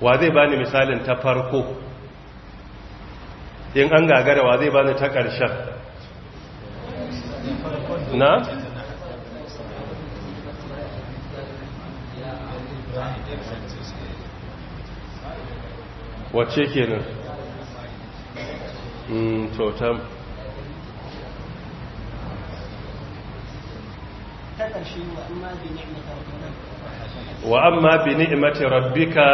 wa zai bani misalin ta farko in an gagara wa zai bani ta ƙarshen na ke kenan hmm, totam wa amma bi ni'imati rabbika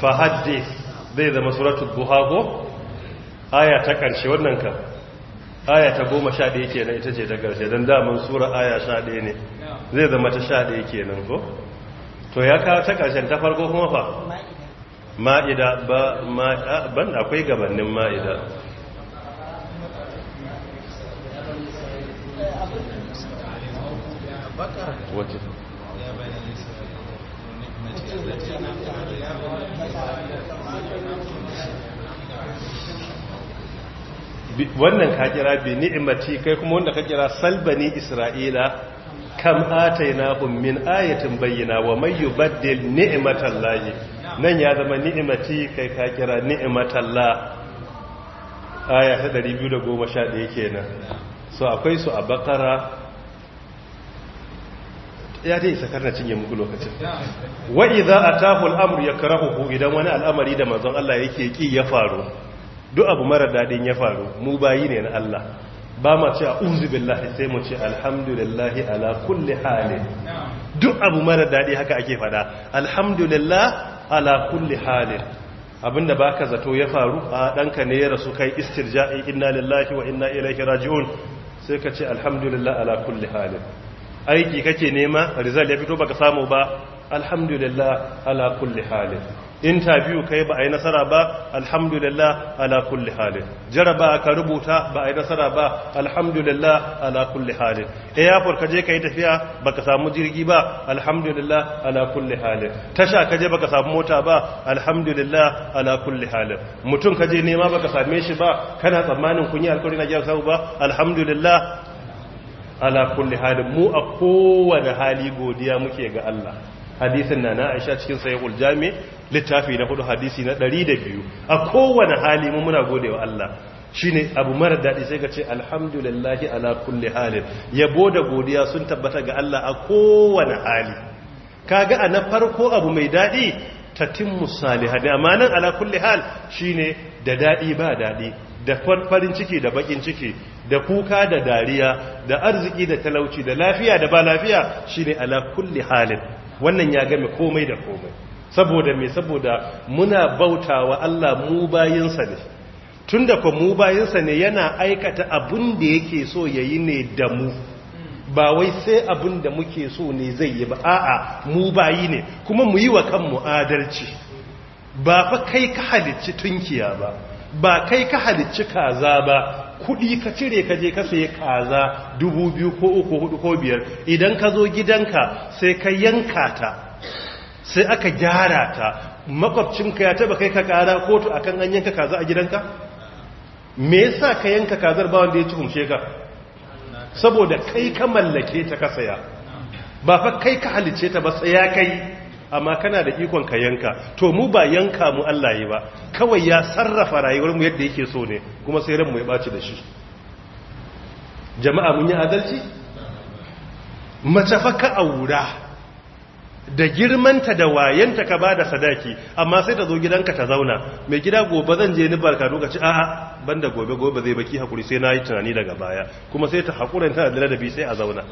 fa haddith zai zama suratul duha go aya ta karshe wannan ka aya ta 11 kenan ita ce ta karshe dan daman sura aya 11 ne zai zama ta 11 kenan ko to ya kawo ta ƙarshen ta farko kuma fa ma'ida ba ban akwai gabanin ma'ida wannan ka kira bi ni'imati kai kuma wanda ka kira salbani isra'ila kam atainahum min ayatin bayyina wa may yubaddil ni'matallahi nan ya zama ni'mati kai ka kira la. aya ta 211 kenan so akwai su a bakara ya dai isa karna cinye muku lokacin wa idza atahu al-amru yakrahuhu idan wani al'amari da manzon Allah yake ki ya faru duk abu mara dadin ya faru mu bayi ne na Allah ba ma ce a uzu billahi sai mu ce alhamdulillahi ala kulli halin duk abu mara daɗi haka ake fada alhamdulillah ala kulli halin abinda baka zato ya faru a ɗanka ne ya rasu kai istirja'i inna lillahi wa inna ilaihi raji'un sai ka ce alhamdulillah ala kulli halin aiki kake nema rizal ya fito baka samu ba alhamdulillah ala kulli halin interview kai ba a yi nasara ba alhamdulillah ala kulli halin jaraba ka rubuta ba a yi nasara ba alhamdulillah ala kulli halin airport ka je ka yi tafiya baka samu jirgi ba alhamdulillah ala kulli halin tasha ka je baka samu mota ba alhamdulillah ala kulli halin mutum ka je nema baka same shi ba kana tsammanin kun yi alkawari na gyara samu ba alhamdulillah ala kulli halin mu a kowane hali godiya muke ga Allah hadisin na na aisha cikin sayyul jami littafi na hudu hadisi na 102 a kowane hali mu muna godewa Allah shine abu mara dadi sai ka ce alhamdulillahi ala kulli halin yabo da godiya sun tabbata ga Allah a kowane hali kaga a na farko abu mai dadi tatimmu salihati amma nan ala kulli hal shine da dadi ba dadi da farin ciki da bakin ciki da kuka da dariya da arziki da talauci da lafiya da ba lafiya shine ala kulli halin wannan ya game komai da komai saboda mai saboda muna bauta wa Allah mu bayinsa ne tun da mu bayinsa ne yana aikata abin da yake so ya yi ne da mu ba wai sai abin da muke so ne zai yi ba a'a mu bayi ne kuma mu yi wa kanmu adalci ba fa kai ka halicci tunkiya ba ba kai ka halicci kaza ba kudi ka cire ka je ka saya kaza dubu biyu ko uku hudu ko biyar idan ka zo gidanka sai ka yanka ta sai aka gyara ta makwabcinka ya taba kai ka kara kotu akan an yanka kaza a gidanka me yasa ka yanka kazar ba wanda ya ci kumshe ka saboda kai ka mallake ta ka saya ba fa kai ka halicce ta ba saya kai amma kana da ikon ka yanka to mu ba yanka mu Allah yi ba kawai ya sarrafa rayuwar mu yadda yake so ne kuma sai ran mu ya baci da shi jama'a mun yi adalci mace fa ka aura da girmanta da wayanta ka bada sadaki amma sai ta zo gidanka ta zauna mai gida gobe zan je ni barka lokaci a'a banda gobe gobe zai baki hakuri sai yi tunani daga baya kuma sai ta hakuri tana da ladabi sai a zauna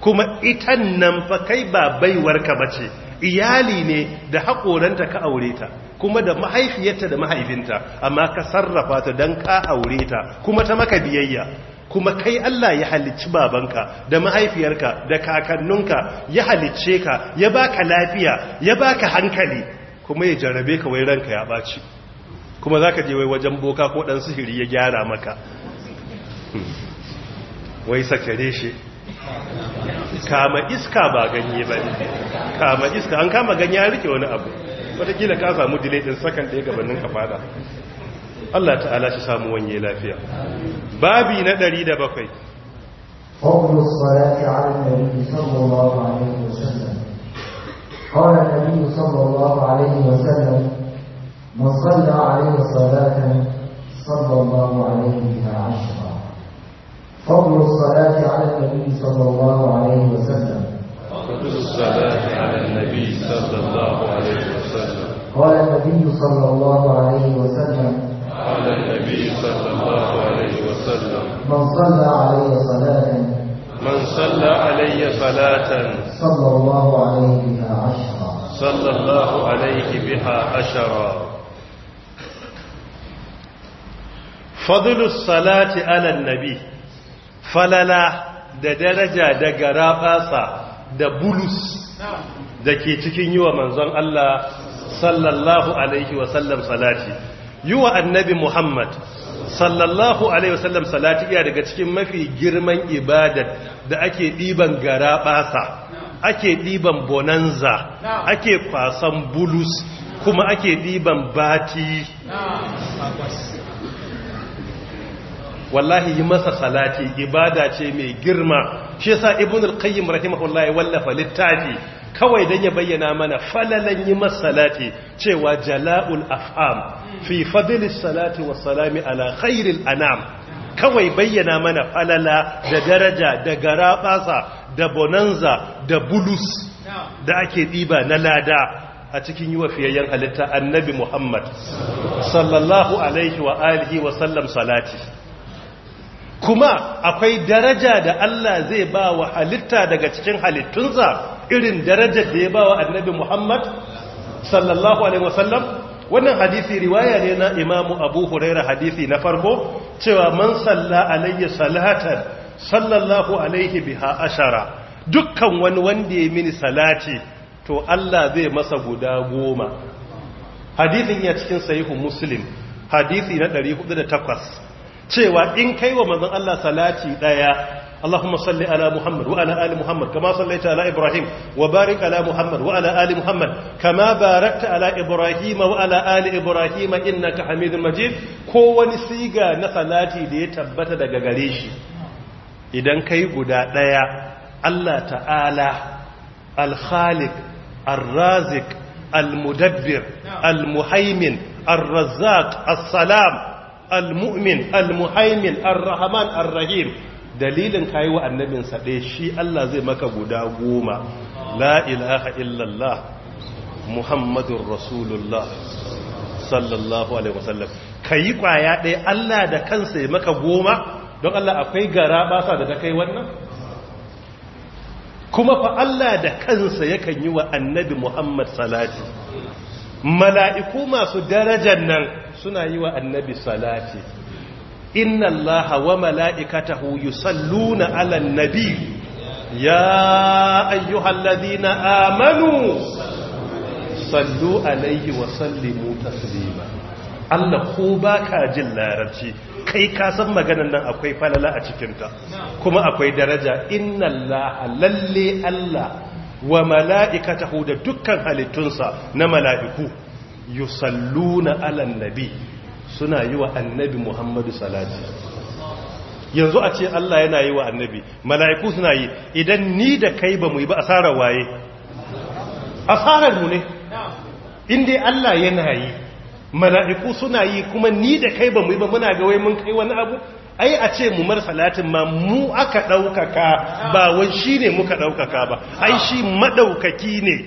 kuma itan nan fa kai ba ka bace iyali ne da haƙoranta ka aure ta kuma da mahaifiyarta da mahaifinta amma ka sarrafa ta don ka aure ta kuma ta maka biyayya kuma kai Allah ya halicci babanka da mahaifiyarka da kakanninka ya halicce ka ya baka lafiya ya baka hankali kuma ya jarrabe ka wai ranka ya baci kuma zaka je wai wajen boka ko dan sihiri ya gyara maka hmm. wai sakare shi kama iska ba ganye ba ne kama iska an kama ganye ya rike wani abu watakila ka samu diletin sakan ɗaya gabanin ka fada Allah ta'ala shi samu wanye lafiya babi na ɗari da bakwai فضل الصلاة على النبي صلى الله عليه وسلم قال النبي صلى الله عليه وسلم من صلى عليه صلاة صلى الله عليه عشر فضل الصلاة على النبي صلى الله عليه وسلم فضل الصلاة على النبي صلى الله عليه وسلم قال النبي صلى الله عليه وسلم قال النبي صلى الله عليه وسلم من صلى علي صلاة من صلى علي صلاة صلى الله عليه بها عشرا صلى الله عليه بها عشرا فضل الصلاة على النبي falala da daraja da garafasa da bulus da ke cikin yi wa manzon Allah sallallahu alaihi wasallam salati yi wa annabi Muhammad sallallahu alaihi wasallam salati iya daga cikin mafi girman ibadat da ake ɗiban garaɓasa, ake ɗiban bonanza ake fasan bulus kuma ake ɗiban bati wallahi yi masa salati ibada ce mai girma shi yasa ibn al-qayyim rahimahullahi wallafa littafi kawai dan ya bayyana mana falalan yi masa salati cewa jala'ul af'am fi fadlis salati was salami ala khairil anam kawai bayyana mana falala da daraja da garabasa da bonanza da bulus da ake diba na lada a cikin yi wa fiyayyen halitta annabi Muhammad sallallahu alaihi wa alihi wa sallam salati kuma akwai daraja da Allah zai ba wa halitta daga cikin halittunsa irin daraja da ya ba wa annabi Muhammad sallallahu alaihi wasallam wannan hadisi riwaya ne na imamu abu huraira hadisi na farko cewa man salla alayya salatan sallallahu alaihi biha ashara dukkan wani wanda ya mini salati to Allah zai masa guda goma hadisin ya cikin sahihu muslim hadisi na 408 cewa in kai wa manzon Allah salati ɗaya. Allahumma salli ala Muhammad wa ali Muhammad kama sallaita ala Ibrahim wa barik ala Muhammad wa ali Muhammad kama barakta ala Ibrahim wa ali Ibrahim innaka Hamidul Majid ko wani siga na salati da ya tabbata daga gare shi idan kayi guda ɗaya. Allah ta'ala al-Khaliq al-Razik al-Mudabbir al-Muhaymin ar-Razzaq as-Salam al khaliq al razik al mudabbir ar razzaq as al-mu'min al-muhaimin ar-rahman ar-rahim dalilin kayi wa annabin sa ɗaya shi Allah zai maka guda goma la ilaha illallah muhammadur rasulullah sallallahu alaihi wasallam kayi kwaya ɗaya Allah da kansa ya maka goma don Allah akwai gara sa da ta kai wannan kuma fa Allah da kansa yakan yi wa annabi Muhammad salati mala'iku masu darajar nan suna yi wa annabi salati inna allaha wa mala'ikatahu yusalluna 'alan nabi ya na amanu sallu alaihi wa sallimu taslima Allah ko baka jin larabci kai ka san maganan nan akwai falala a cikinta kuma akwai daraja inna allaha lalle Allah wa mala'ikatahu da dukkan halittunsa na mala'iku yusalluna alan nabi suna yi wa annabi muhammadu salati yanzu a ce Allah yana yi wa annabi mala'iku suna yi idan ni da kai ba mu yi ba asarar waye asarar mu ne inda Allah yana yi mala'iku suna yi kuma ni da kai ba mu yi ba muna ga wai mun kai wani abu ai a ce mu mar salatin ma mu aka ɗaukaka ba wai shine muka ɗaukaka ba ai shi maɗaukaki ne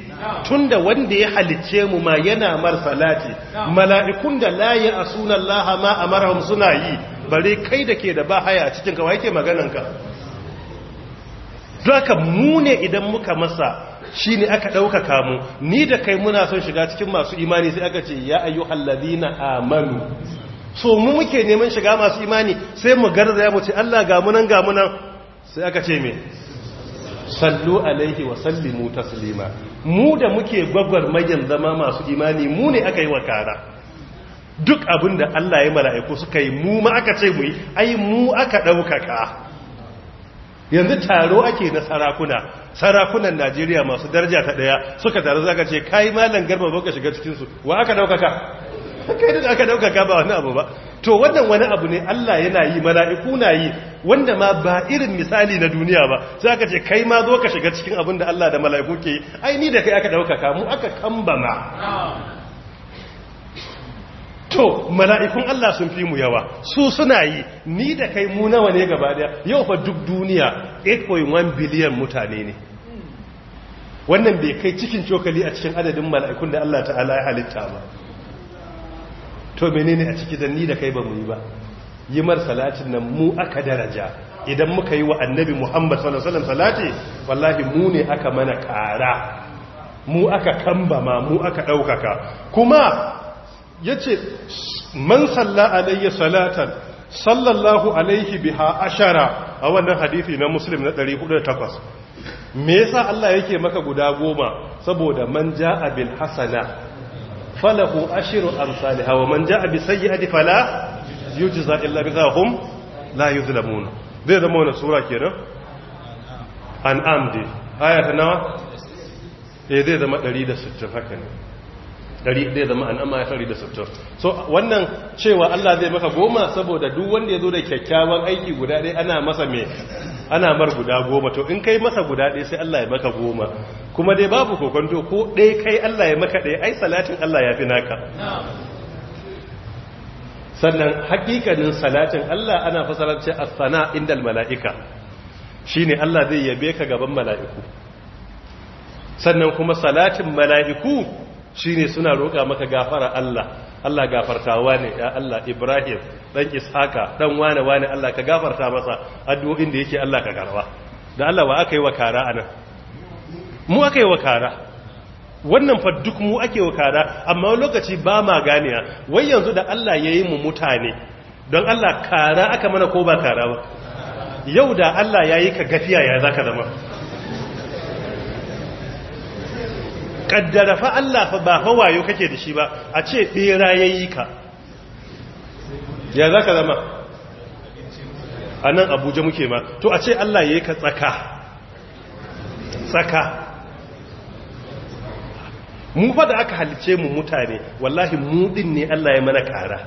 tunda wanda ya halicce mu ma yana mar salati mala'ikun da layi a sunan lahama a marahun suna yi bare kai dake da ba haya a cikin wai ke magananka zaka mu ne idan muka masa shi ne aka ɗaukaka mu ni da kai muna son shiga cikin masu imani sai aka ce ya ayyuhallazina amanu so mu muke neman shiga masu imani sai mu garza ya ce Allah ga munan ga munan sai aka ce me sallu alaihi wa sallimu taslima mu da muke gwagwarmayan zama masu imani mu ne aka yi wa kara duk abin da Allah ya mala'iku suka yi mu ma aka ce mu yi ai mu aka ɗaukaka yanzu taro ake na sarakuna sarakunan Najeriya masu daraja ta ɗaya suka taro zaka ce kai malam garba baka shiga cikin su wa aka ɗaukaka kai da aka dauka ka ba wani abu ba to wannan wani abu ne Allah yana yi mala'iku na yi wanda ma ba irin misali na duniya ba sai aka ce kai ma zo ka shiga cikin abin da Allah da mala'iku ke ai ni da kai aka dauka ka mu aka kambama to mala'ikun Allah sun fi mu yawa su suna yi ni da kai mu nawa ne gaba daya yau fa duk duniya 8.1 biliyan mutane ne wannan bai kai cikin cokali a cikin adadin mala'ikun da Allah ta'ala ya halitta ba to menene a ciki dan ni da kai ba mu yi ba yi mar salatin nan mu aka daraja idan muka yi wa annabi muhammad sallallahu alaihi wasallam salati wallahi mu ne aka mana kara mu aka kambama mu aka daukaka kuma yace man salla alayya salatan sallallahu alaihi biha ashara a wannan hadisi na muslim na 408 me yasa Allah yake maka guda goma saboda man jaa bil hasana falahu ashiru amsalha wa man ja'a bi sayyi'ati fala yujza illa biha hum la yuzlamun zai zama wannan sura kenan an'am dai aya ta nawa eh zai zama 160 haka ne zai zama an'am da 160 so wannan cewa Allah zai maka goma saboda duk wanda ya zo da kyakkyawan aiki guda ɗaya ana masa me ana mar guda goma to in kai masa guda ɗaya sai Allah ya maka goma kuma dai babu kokonto ko ɗaya kai Allah ya maka ɗaya ai salatin Allah ya fi naka sannan hakikanin salatin Allah ana fasarar ce sana indal mala'ika shine Allah zai yabe ka gaban mala'iku sannan kuma salatin mala'iku shine suna roƙa maka gafara Allah Allah gafarta ne ya Allah Ibrahim dan Ishaka dan wane wane Allah ka gafarta masa addu'o'in da yake Allah ka karba da Allah wa aka yi wa kara anan mu aka yi wa kara wannan fa duk mu ake wa kara amma lokaci ba ma ganiya wai yanzu da Allah yayi mu mutane don Allah kara aka mana ko ba kara ba yau da Allah yayi ka gafiya ya zaka zama kaddara fa Allah fa ba fa wayo kake da shi ba a ce bera yayi ka ya zaka zama anan Abuja muke ma to a ce Allah yayi ka tsaka tsaka mu fa da aka halice mu mutane wallahi mu din ne Allah ya mana kara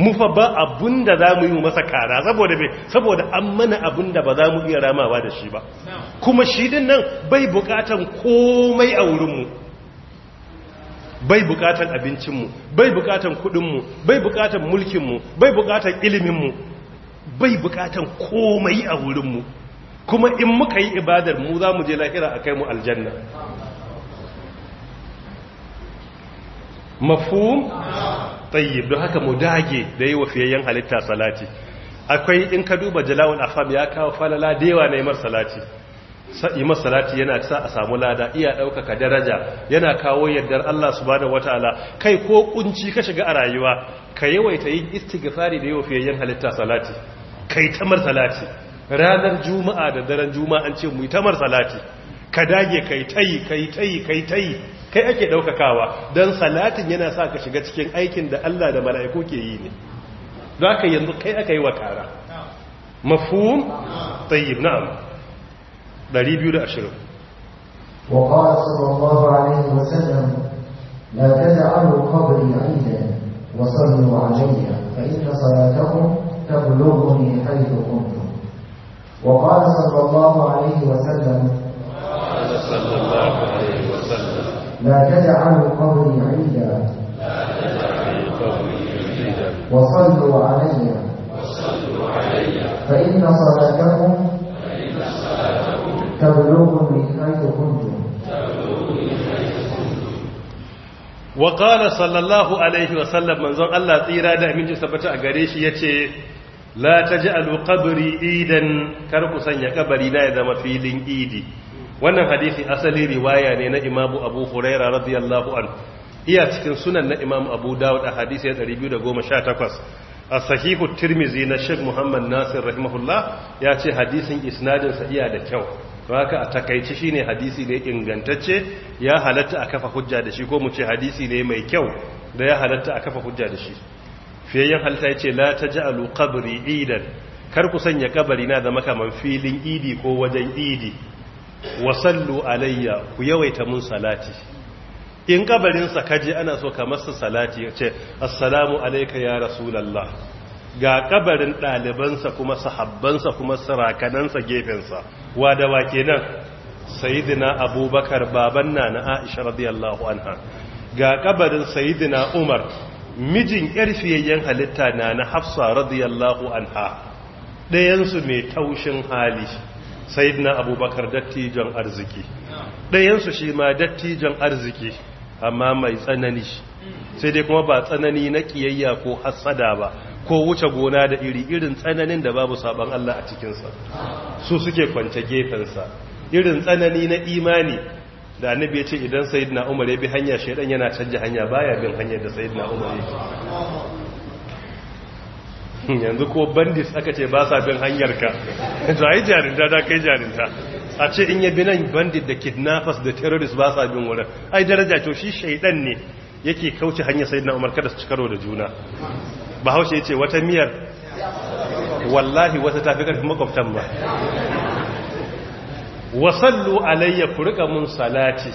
mu fa ba abun da za mu yi masa kara saboda bai saboda an mana abun da ba za mu iya ramawa da shi ba kuma shi din nan bai bukatan komai a wurinmu bai bukatan abincinmu bai bukatan kudinmu bai bukatan mulkinmu bai bukatan iliminmu bai bukatan komai a wurinmu kuma in muka yi ibadar mu za mu je lahira a kai mu aljanna mafhum tayyib don haka mu dage da yi wa fiyayyen halitta salati akwai in ka duba jalawun afam ya kawo falala da yawa na yi salati yi salati yana sa a samu lada iya ɗaukaka daraja yana kawo yardar Allah su wata wataala kai ko kunci ka shiga a rayuwa ka yawaita yin istighfari da yi wa fiyayyen halitta salati kai tamar salati ranar juma'a da daren juma'a an ce mu yi tamar salati ka dage kai tayi kai tayi kai tayi kai ake daukakawa don salatin yana sa ka shiga cikin aikin da Allah da mala'iku ke yi ne za ka yanzu kai aka yi wa ƙara mafuhun tsayyib na'am 220 وقال صلى الله عليه وسلم لا تجعلوا قبري عيدا وصلوا علي فإن صلاتكم تبلغني حيث كنتم وقال صلى الله عليه وسلم وقال صلى الله لا تدع قبري عيدا لا عيدا وصلوا علي فإن صلاتهم تبلغ من حيث كنتم وقال صلى الله عليه وسلم من زر الله تيرا دا من جسد بتاع لا تجعلوا قبري إيدا كركو يا قبري لا ما في لين إيدي wannan hadisi asali riwaya ne na imamu abu huraira radiyallahu an iya cikin sunan na imamu abu dawud a hadisi ya 218 a sahihu tirmizi na sheikh muhammad nasir rahimahullah ya ce hadisin isnadinsa iya da kyau to haka a takaici shine hadisi ne ingantacce ya halatta a kafa hujja da shi ko mu ce hadisi ne mai kyau da ya halatta a kafa hujja da shi fiyayyen halitta ya ce la ta ji alu kabari idan kar ku sanya kabari na zama kamar filin idi ko wajen idi Wasallu sallu alayya ku yawaita mun salati in kabarinsa kaje ana so ka masa salati ce assalamu alayka ya rasulullah ga kabarin ɗalibansa kuma sahabbansa kuma sarakanansa gefensa wa da wa kenan sayyidina abubakar baban nana aisha radiyallahu anha ga kabarin sayyidina umar mijin ƙarfiyayyen halitta nana hafsa radiyallahu anha ɗayansu mai taushin hali sayidina abubakar dattijon arziki ɗayansu shi ma dattijon arziki amma mai tsanani sai dai kuma ba tsanani na ƙiyayya ko hassada ba ko wuce gona da iri irin tsananin da babu sabon Allah a cikinsa su suke kwance gefensa irin tsanani na imani da annabi ya ce idan sayidina umar ya bi hanya shaidan yana canja hanya baya bin hanyar da sayidina umar ya yanzu ko bandits aka ce ba sa bin hanyarka a yi jarinta da kai jarinta a ce in yabi nan bandit da kidnappers da terrorists ba sa bin wurin ai daraja to shi shaidan ne yake kauce hanyar sai na umar kada su cikaro da juna ba haushe ya ce wata miyar wallahi wata tafi karfi makwabtan ba wasallu alayya ku rika mun salati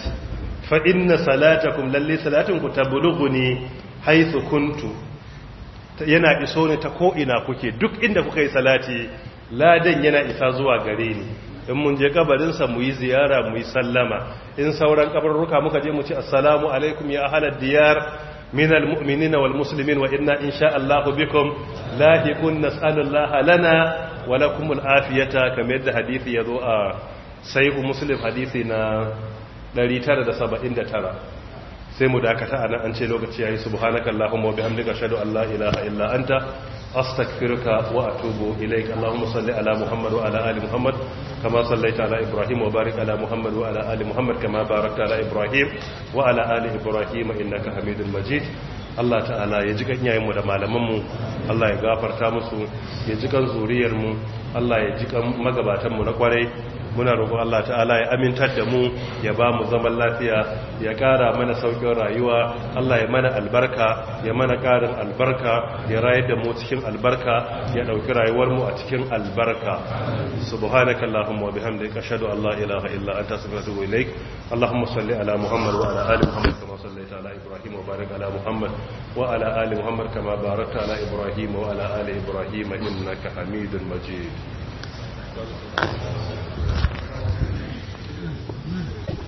fa inna salatakum lalle salatin ku tablughu ne. haythu kuntu yana iso ni ta ko'ina kuke duk inda kuka yi salati ladan yana isa zuwa gare ni in mun je kabarinsa mu yi ziyara mu yi sallama in sauran kabarruka muka je mu ci assalamu alaikum ya ahalar minal min almu'minin wa'inna muslimin wa inna insha Allahu bikum lahiqun nas'alullaha lana wa lakum al'afiyata kamar da hadisi ya zo a sahih muslim hadisi na 979 sai mu dakata a nan an ce lokaci yayi subhanaka allahumma wa bihamdika ashhadu an la ilaha illa anta astaghfiruka wa atubu ilaik allahumma salli ala muhammad wa ala ali muhammad kama sallaita ala ibrahim wa barik ala muhammad wa ala ali muhammad kama barakta ala ibrahim wa ala ali ibrahim innaka hamidul majid Allah ta'ala ya ji ganyayenmu da malamanmu Allah ya gafarta musu ya ji kan zuriyarmu Allah ya ji kan magabatanmu na kwarai muna roƙon Allah ta'ala ya amintar da mu ya ba mu zaman lafiya ya ƙara mana sauƙin rayuwa Allah ya mana albarka ya mana ƙarin albarka ya rayar da mu cikin albarka ya ɗauki rayuwar mu a cikin albarka subhanaka allahumma wa bihamdika ashhadu an la ilaha illa anta astaghfiruka wa atubu allahumma salli ala muhammad wa ala ali muhammad kama sallaita ala ibrahim wa barik ala muhammad wa ala ali muhammad kama barakta ala ibrahim wa ala ali ibrahim innaka hamidul majid